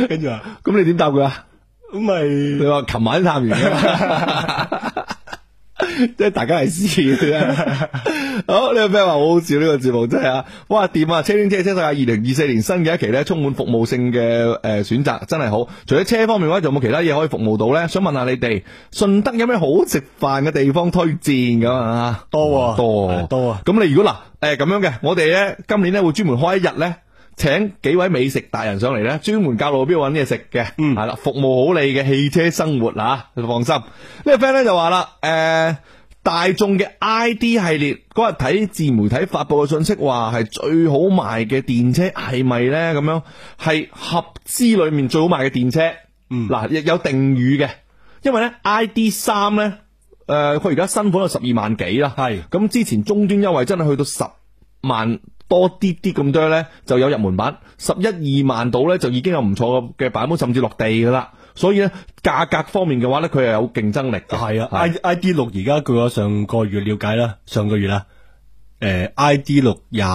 S8: 跟住啊，咁你點答佢啊？咁咪你話琴晚探完。即係 大家係知嘅啫。好，你有咩話好好笑呢？這個節目真係啊！哇，掂啊？車天車地車世界二零二四年新嘅一期咧，充滿服務性嘅誒、呃、選擇，真係好。除咗車方面咧，仲有冇其他嘢可以服務到咧？想問下你哋，順德有咩好食飯嘅地方推薦噶嘛？多，啊，多啊，多、啊。咁 你如果嗱誒咁樣嘅，我哋咧今年咧會專門開一日咧。請幾位美食達人上嚟，呢專門教路邊揾嘢食嘅，係啦、嗯，服務好你嘅汽車生活你、啊、放心。呢個 friend 呢就話啦，誒、呃，大眾嘅 ID 系列嗰日睇自媒體發布嘅信息話係最好賣嘅電車，係咪呢？咁樣係合資裏面最好賣嘅電車，嗱、嗯啊、亦有定語嘅，因為呢 ID 三呢，誒、呃，佢而家新款有十二萬幾啦，係是，咁之前終端優惠真係去到十萬。多啲啲咁多咧，就有入門版十一二萬到咧，就已經有唔錯嘅版本，甚至落地噶啦。所以咧，價格方面嘅話咧，佢係有競爭力嘅。係啊，I I D 六而家據我上個月了解啦，上個月啦，誒，I D 六廿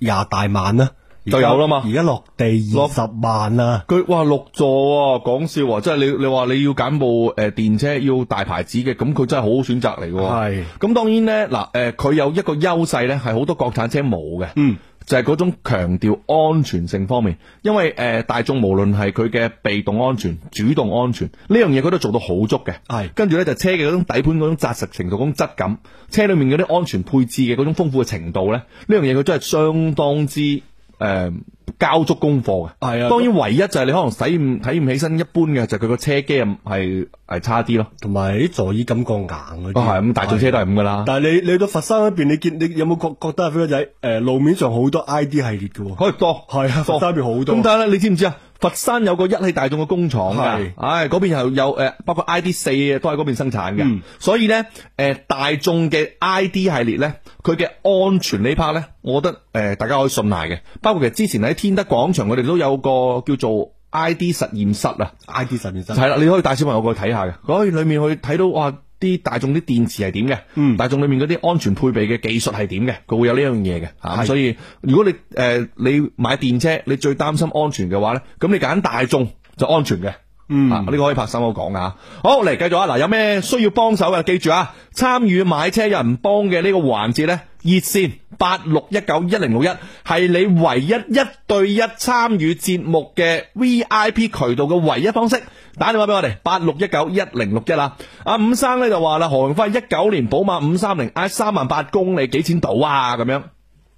S8: 廿大萬啦。就有啦嘛，而家落地二十萬啦。佢話六座，啊，講笑啊！即係你你話你要揀部誒電車，要大牌子嘅，咁佢真係好好選擇嚟嘅。係咁是，當然呢，嗱誒，佢，呃、有一個優勢呢，係好多國產車冇嘅，嗯，就係嗰種強調安全性方面。因為誒、呃、大眾無論係佢嘅被動安全、主動安全呢樣嘢，佢都做到好足嘅。係是跟住呢，就是、車嘅嗰種底盤嗰種紮實程度、嗰種質感，車裏面嗰啲安全配置嘅嗰種豐富嘅程度呢，呢樣嘢佢真係相當之。誒、嗯，交足功課嘅，係啊，當然唯一就係你可能體唔體驗起身一般嘅，就佢、是、個車機係係差啲咯，同埋啲座椅感覺硬啲，係咁、哦啊、大眾車都係咁噶啦。但係你你到佛山嗰邊，你見你有冇覺覺得啊，肥哥仔誒，路面上好多 I D 系列嘅，好多係啊，多佛山邊好多。咁但係咧，你知唔知啊？佛山有一個一汽大眾嘅工廠啊，唉的，嗰、哎、邊又有誒，包括 ID 四啊，都係嗰邊生產嘅，嗯、所以咧誒、呃，大眾嘅 ID 系列咧，佢嘅安全呢 part 咧，我覺得誒、呃、大家可以信賴嘅。包括其實之前喺天德廣場，我哋都有個叫做 ID 實驗室啊，ID 實驗室係啦，你可以帶小朋友過去睇下嘅，可以裏面去睇到哇。啲大眾啲電池係點嘅？嗯、大眾裏面嗰啲安全配備嘅技術係點嘅？佢會有呢樣嘢嘅，吓、啊，所以如果你誒、呃、你買電車，你最擔心安全嘅話咧，咁你揀大眾就安全嘅。嗯，啊，呢個可以拍手我講噶吓，好嚟繼續啊！嗱，有咩需要幫手嘅？記住啊，參與買車有人幫嘅呢個環節咧，熱線八六一九一零六一係你唯一一對一參與節目嘅 VIP 渠道嘅唯一方式，打電話俾我哋八六一九一零六一啊！阿伍生咧就話啦，何榮輝一九年寶馬五三零，唉，三萬八公里，幾錢到啊？咁樣，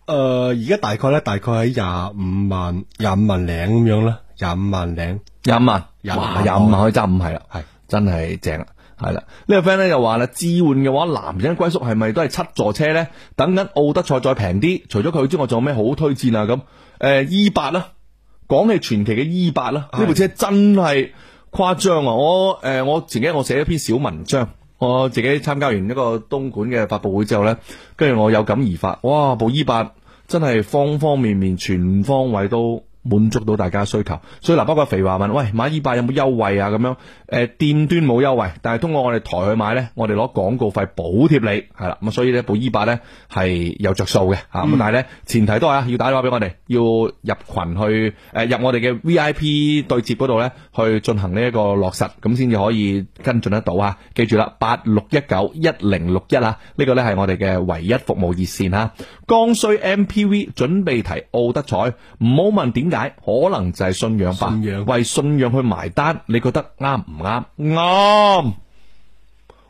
S8: 誒，而家大概咧，大概喺廿五萬廿五萬零咁樣啦，廿五萬零。廿萬，廿萬可以揸五係啦，係真係正啦、啊，係啦。呢的個 friend 咧又話啦，置換嘅話，男人歸宿係咪都係七座車咧？等緊奧德賽再平啲，除咗佢之外，仲有咩好推薦啊？咁、呃，誒，E 八啦、e 的，講起傳奇嘅 E 八啦，呢部車真係誇張啊！我誒、呃，我前幾日我寫一篇小文章，我自己參加完一個東莞嘅發布會之後咧，跟住我有感而發，哇，哇，部 E 八真係方方面面全方位都。滿足到大家需求，所以嗱，包括肥華問，喂，買 E8 有冇優惠啊？咁樣，誒，店端冇優惠，但係通過我哋台去買咧，我哋攞廣告費補貼你，係啦，咁所以咧，部 E8 咧係有着數嘅吓，咁但係咧前提都係啊，要打電話俾我哋，要入群去，誒，入我哋嘅 VIP 對接嗰度咧，去進行呢一個落實，咁先至可以跟進得到啊！記住啦，八六一九一零六一啊，呢個咧係我哋嘅唯一服務熱線啊！剛需 MPV 準備提奧德賽，唔好問點解。可能就係信仰吧，信仰為信仰去埋單，你覺得啱唔啱？啱。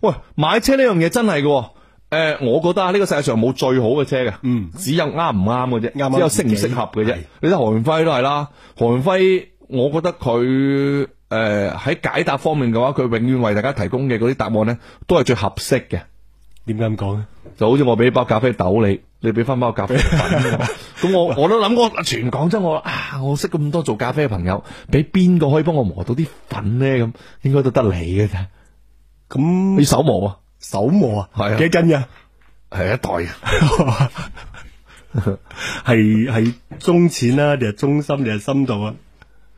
S8: 喂，買車呢樣嘢真係㗎、喎，誒、呃，我覺得呢個世界上冇最好嘅車嘅，嗯，只有啱唔啱嘅啫，啱只有適唔適合嘅啫。你睇韓輝都係啦，韓輝，我覺得佢誒喺解答方面嘅話，佢永遠為大家提供嘅嗰啲答案咧，都係最合適嘅。點解咁講呢？就好似我俾包咖啡豆你，你俾翻包咖啡粉。咁我我都諗過，全廣州我啊，我識咁多做咖啡嘅朋友，俾邊個可以幫我磨到啲粉咧？咁應該都得你嘅咋？咁你手磨啊？手磨啊？係幾斤啊？係一袋。係係中淺啊？定係中深定係深度啊？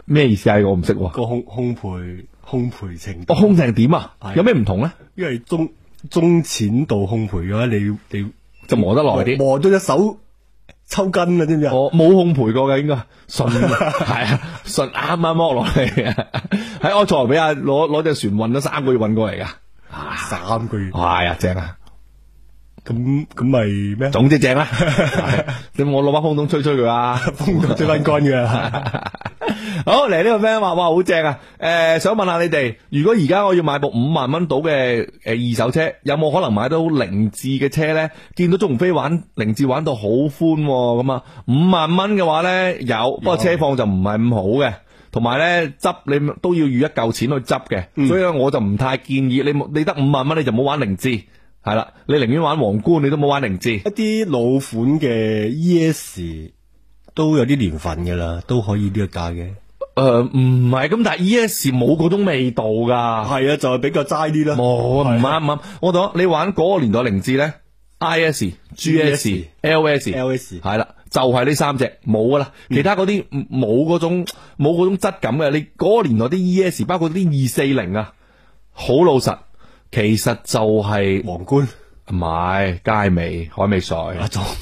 S8: 咩意思啊？我唔識
S3: 個烘烘焙烘焙程
S8: 度。空烘成點啊？有咩唔同咧？因為中。中淺度烘焙嘅話，你你就磨得耐啲，磨咗隻手抽筋啦，知唔知我冇烘焙過嘅，應該純係啊，純啱啱剝落嚟啊，喺安塞比亞攞攞隻船運咗三個月運過嚟噶，三個月，係啊，正啊！咁咁咪咩？總之正啦，咁我攞把風筒吹吹佢啊， 風筒吹翻乾嘅。 好嚟，呢個 friend 話哇好正啊！誒，想問下你哋，如果而家我要買部五萬蚊到嘅誒二手車，有冇可能買到凌志嘅車咧？見到鍾鴻飛玩凌志玩到好寬咁啊！五萬蚊嘅話咧有，不過車況就唔係咁好嘅，同埋咧執你都要預一嚿錢去執嘅，所以咧我就唔太建議你，你得五萬蚊你就唔好玩凌志。係啦，你寧願玩皇冠，你都冇玩凌志。一啲老款嘅 E S 都有啲年份噶啦，都可以呢個價嘅。誒、呃，唔係咁，但係 E S 冇嗰種味道噶。係啊，就係、是、比較齋啲啦。冇、哦、啊，唔啱唔啱。我同你講你玩嗰個年代凌志咧，I S G S L S，LS LS。係啦，就係、是、呢三隻冇噶啦。其他嗰啲冇嗰種冇嗰、嗯、種質感嘅，你嗰個年代啲 E S，包括啲二四零啊，好老實。其實就係皇冠，買佳美、海美水，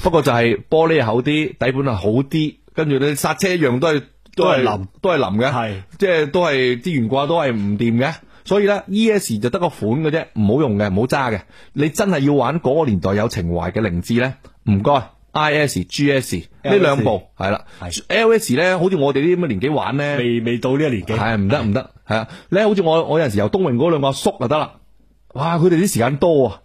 S8: 不過德雲 就係玻璃厚啲，底盤係好啲，跟住你剎車一樣都係都係是淋都係淋嘅，係即係都係啲懸掛都係唔掂嘅，所以咧 E S 就得個款嘅啫，唔好用嘅，唔好揸嘅，你真係要玩嗰個年代有情懷嘅凌志咧，唔該 I S G S 呢兩部係啦，L S 咧好似我哋啲咁嘅年紀玩咧，未未到呢個年紀係唔得唔得係啊！你好似我我有陣時由東榮嗰兩個阿叔就得啦。哇！佢哋啲時間多啊，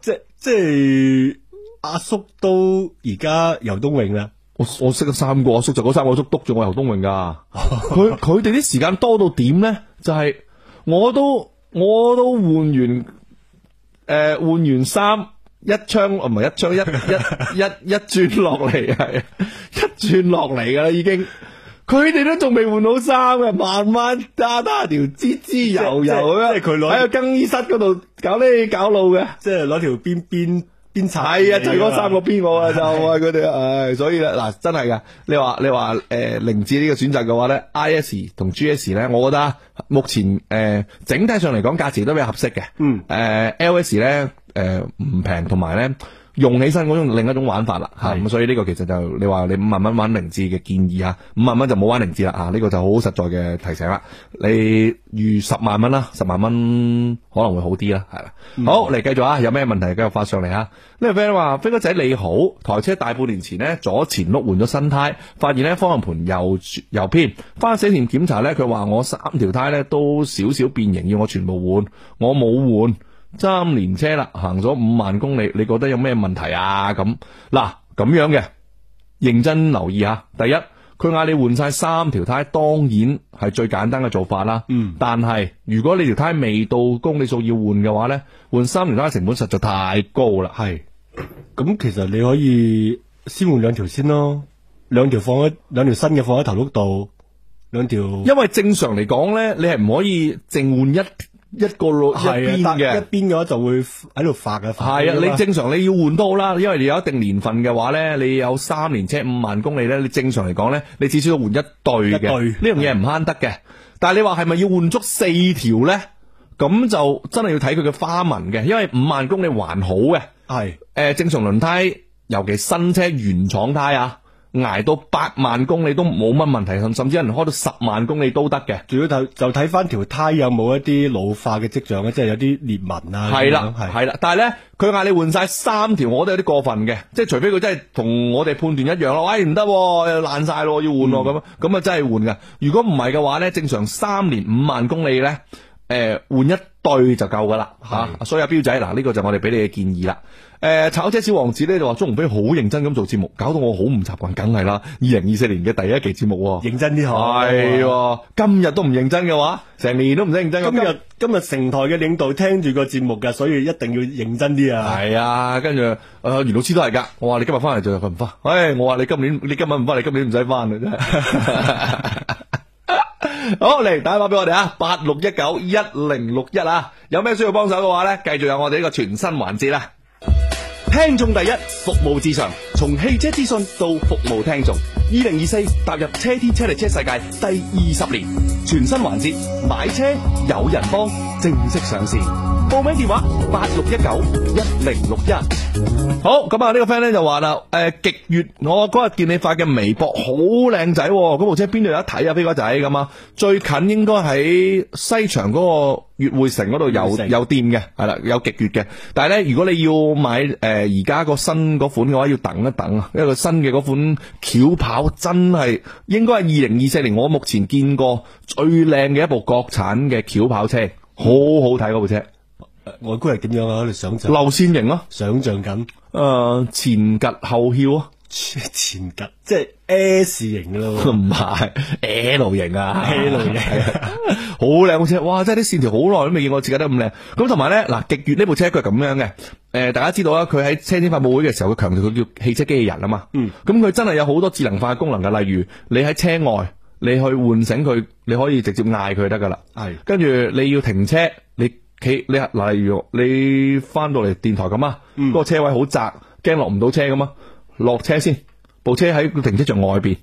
S8: 即係即係阿叔都而家游冬泳啦。我我識得三個阿叔，就嗰叔， 就三個阿叔篤住我游冬泳噶。佢佢哋啲時間多到點咧？就係我都我都換完誒換、呃、完衫一槍，唔、啊、係一槍一一一一轉落嚟係一轉落嚟噶啦已經。佢哋都仲未換好衫啊，慢慢加打條支。油油咁樣，喺個更衣室嗰度搞呢搞路嘅，即係攞條邊邊邊踩係啊，就嗰、嗯、三個邊的我啊就啊佢哋啊，所以咧嗱真係噶，你話你話誒凌志呢個選擇嘅話咧，I S 同 G S 咧，我覺得目前誒、呃、整體上嚟講價錢都比較合適嘅。嗯、呃，誒 L S 咧誒唔平同埋咧。呃用起身嗰種另一種玩法啦，咁是、嗯、所以呢個其實就是、你話你五萬蚊玩靈智嘅建議啊，五萬蚊就冇玩靈智啦，吓呢個就好實在嘅提醒啦。你預十萬蚊啦，十萬蚊可能會好啲啦，係啦。嗯、好嚟繼續啊，有咩問題繼續發上嚟啊？呢個 friend 話：飛哥仔你好，台車大半年前呢，左前轆換咗新胎，發現呢方向盤右右偏，翻四田檢查呢，佢話我三條胎呢都少，少少變形，要我全部換，我冇換。三年車啦，行咗五萬公里，你覺得有咩問題啊？咁嗱，咁樣嘅認真留意下。第一，佢嗌你換晒三條胎，當然係最簡單嘅做法啦。嗯。但係如果你條胎未到公里數要換嘅話呢，換三條胎成本實在太高啦。係是。咁其實你可以先換兩條先咯，兩條放喺兩條新嘅放喺頭碌度，兩條。因為正常嚟講呢，你係唔可以淨換一。一個路的一邊嘅一邊嘅話就會喺度發嘅，係啊！你正常你要換都好啦，因為你有一定年份嘅話咧，你有三年車五萬公里呢，你正常嚟講呢，你至少要換一對嘅。呢樣嘢唔慳得嘅，的但係你話係咪要換足四條呢？咁就真係要睇佢嘅花紋嘅，因為五萬公里還好嘅。係誒的、呃，正常輪胎，尤其新車原廠胎啊。挨到八萬公里都冇乜問題，甚甚至有人開到十萬公里都得嘅。主要就就睇翻條胎有冇一啲老化嘅跡象咧，即係有啲裂紋啊。係啦的，係啦的。但係咧，佢嗌你換晒三條，我都有啲過分嘅。即係除非佢真係同我哋判斷一樣咯。唉、哎，唔得、啊，爛晒咯，要換咯咁。咁啊、嗯，真係換嘅。如果唔係嘅話咧，正常三年五萬公里咧，誒、呃、換一。對就夠噶啦，吓是、啊，所以阿、啊、彪仔，嗱、啊、呢、這個就我哋俾你嘅建議啦。誒、呃，炒車小王子咧就話鐘鴻飛好認真咁做節目，搞到我好唔習慣，梗係啦。二零二四年嘅第一期節目，認真啲嗬，係，今日都唔認真嘅話，成年都唔使認真。今日今日成台嘅領導聽住個節目嘅，所以一定要認真啲啊。係啊，跟住、呃、袁老師都係噶，我話你今日翻嚟就係翻唔翻？誒、哎，我話你今年你今日唔翻，你今年唔使翻啦。 好嚟，打電話俾我哋啊，八六一九一零六一啊，61，有咩需要幫手嘅話咧，繼續有我哋呢個全新環節啦，聽眾第一，服務至上。從汽車資訊到服務聽眾，二零二四踏入車天車地車世界第二十年，全新環節買車有人幫正式上線，報名電話八六一九一零六一。 好，咁啊呢個 friend 咧就話啦，誒、呃、極越，我嗰日見你發嘅微博好靚仔，哦，咁部車邊度有得睇啊？飛哥仔咁啊？最近應該喺西場個悦匯城度有城有店嘅，係啦有極越嘅。但係咧如果你要買誒而家個新嗰款嘅話，要等。等啊！一個新嘅嗰款轎跑真係應該係二零二四年我目前見過最靚嘅一部國產嘅轎跑車，嗯、好好睇嗰部車。
S3: 呃、外觀係點樣啊？你想象流線型咯，想象緊
S8: 誒前夾後翹啊！前格即係 S 型嘅咯，唔係是 L 型啊，L 型啊，好靚部車，哇！即係啲線條好耐都未見過設計得咁靚。咁同埋咧，嗱，極越呢部車佢係咁樣嘅。誒、呃，大家知道啦，佢喺車展發布會嘅時候，佢強調佢叫汽車機器人啊嘛。嗯。咁佢真係有好多智能化嘅功能噶，例如你喺車外，你去喚醒佢，你可以直接嗌佢得噶啦。係。是的 跟住你要停車，你企你，例如你翻到嚟電台咁啊，嗰個、嗯、車位好窄，驚落唔到車咁啊。落車先，部車喺個停車場外邊，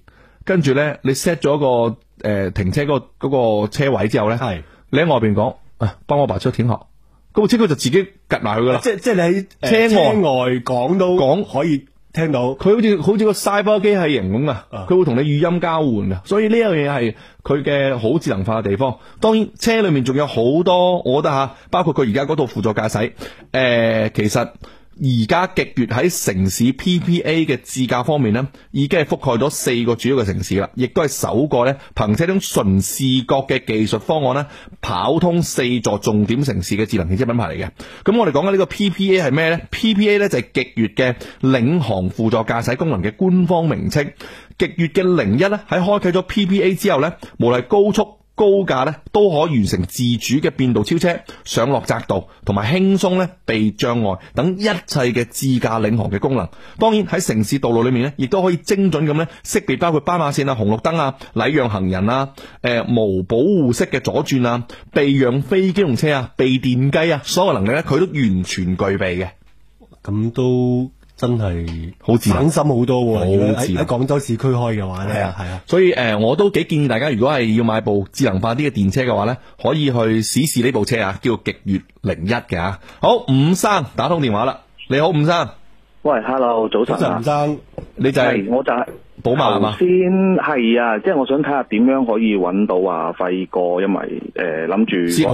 S8: 跟住咧你 set 咗個誒、呃、停車嗰個嗰個車位之後咧，是你喺外邊講，誒，幫我把車停好，部車佢就自己夾埋去噶啦。即係即係你喺車外講到講可以聽到，佢好似好似個 cyber 機器人咁啊，佢會同你語音交換啊，所以呢樣嘢係佢嘅好智能化嘅地方。當然車裏面仲有好多，我覺得吓，包括佢而家嗰套輔助駕駛，誒、呃、其實。而家極越喺城市 P P A 嘅智駕方面咧，已經係覆蓋咗四個主要嘅城市啦，亦都係首個咧憑借種純視覺嘅技術方案咧跑通四座重點城市嘅智能汽車品牌嚟嘅。咁我哋講緊呢個 P P A 係咩咧？P P A 咧就係極越嘅領航輔助駕駛功能嘅官方名稱。極越嘅零一咧喺開啟咗 P P A 之後咧，無論係高速。高架咧都可完成自主嘅變道超車、上落匝道同埋輕鬆咧避障礙等一切嘅自駕領航嘅功能。當然喺城市道路裏面咧，亦都可以精準咁咧識別包括斑馬線啊、紅綠燈啊、禮讓行人啊、誒、呃、無保護式嘅左轉啊、避讓非機動車啊、避電雞啊，所有能力咧佢都完全具備嘅。
S3: 咁都。
S8: 真係好自省心好多喎。喺廣州市區開嘅話咧，係啊，係啊。啊所以誒、呃，我都幾建議大家，如果係要買部智能化啲嘅電車嘅話咧，可以去試試呢部車啊，叫極越零一嘅啊。好，五生打通電話啦。你好，五生。喂
S10: ，Hello，早晨啊。五生，你就係、啊、我就係寶馬啊嘛。先係啊，即、就、係、是、我想睇下點樣可以揾到啊？輝哥，因為誒諗住。呃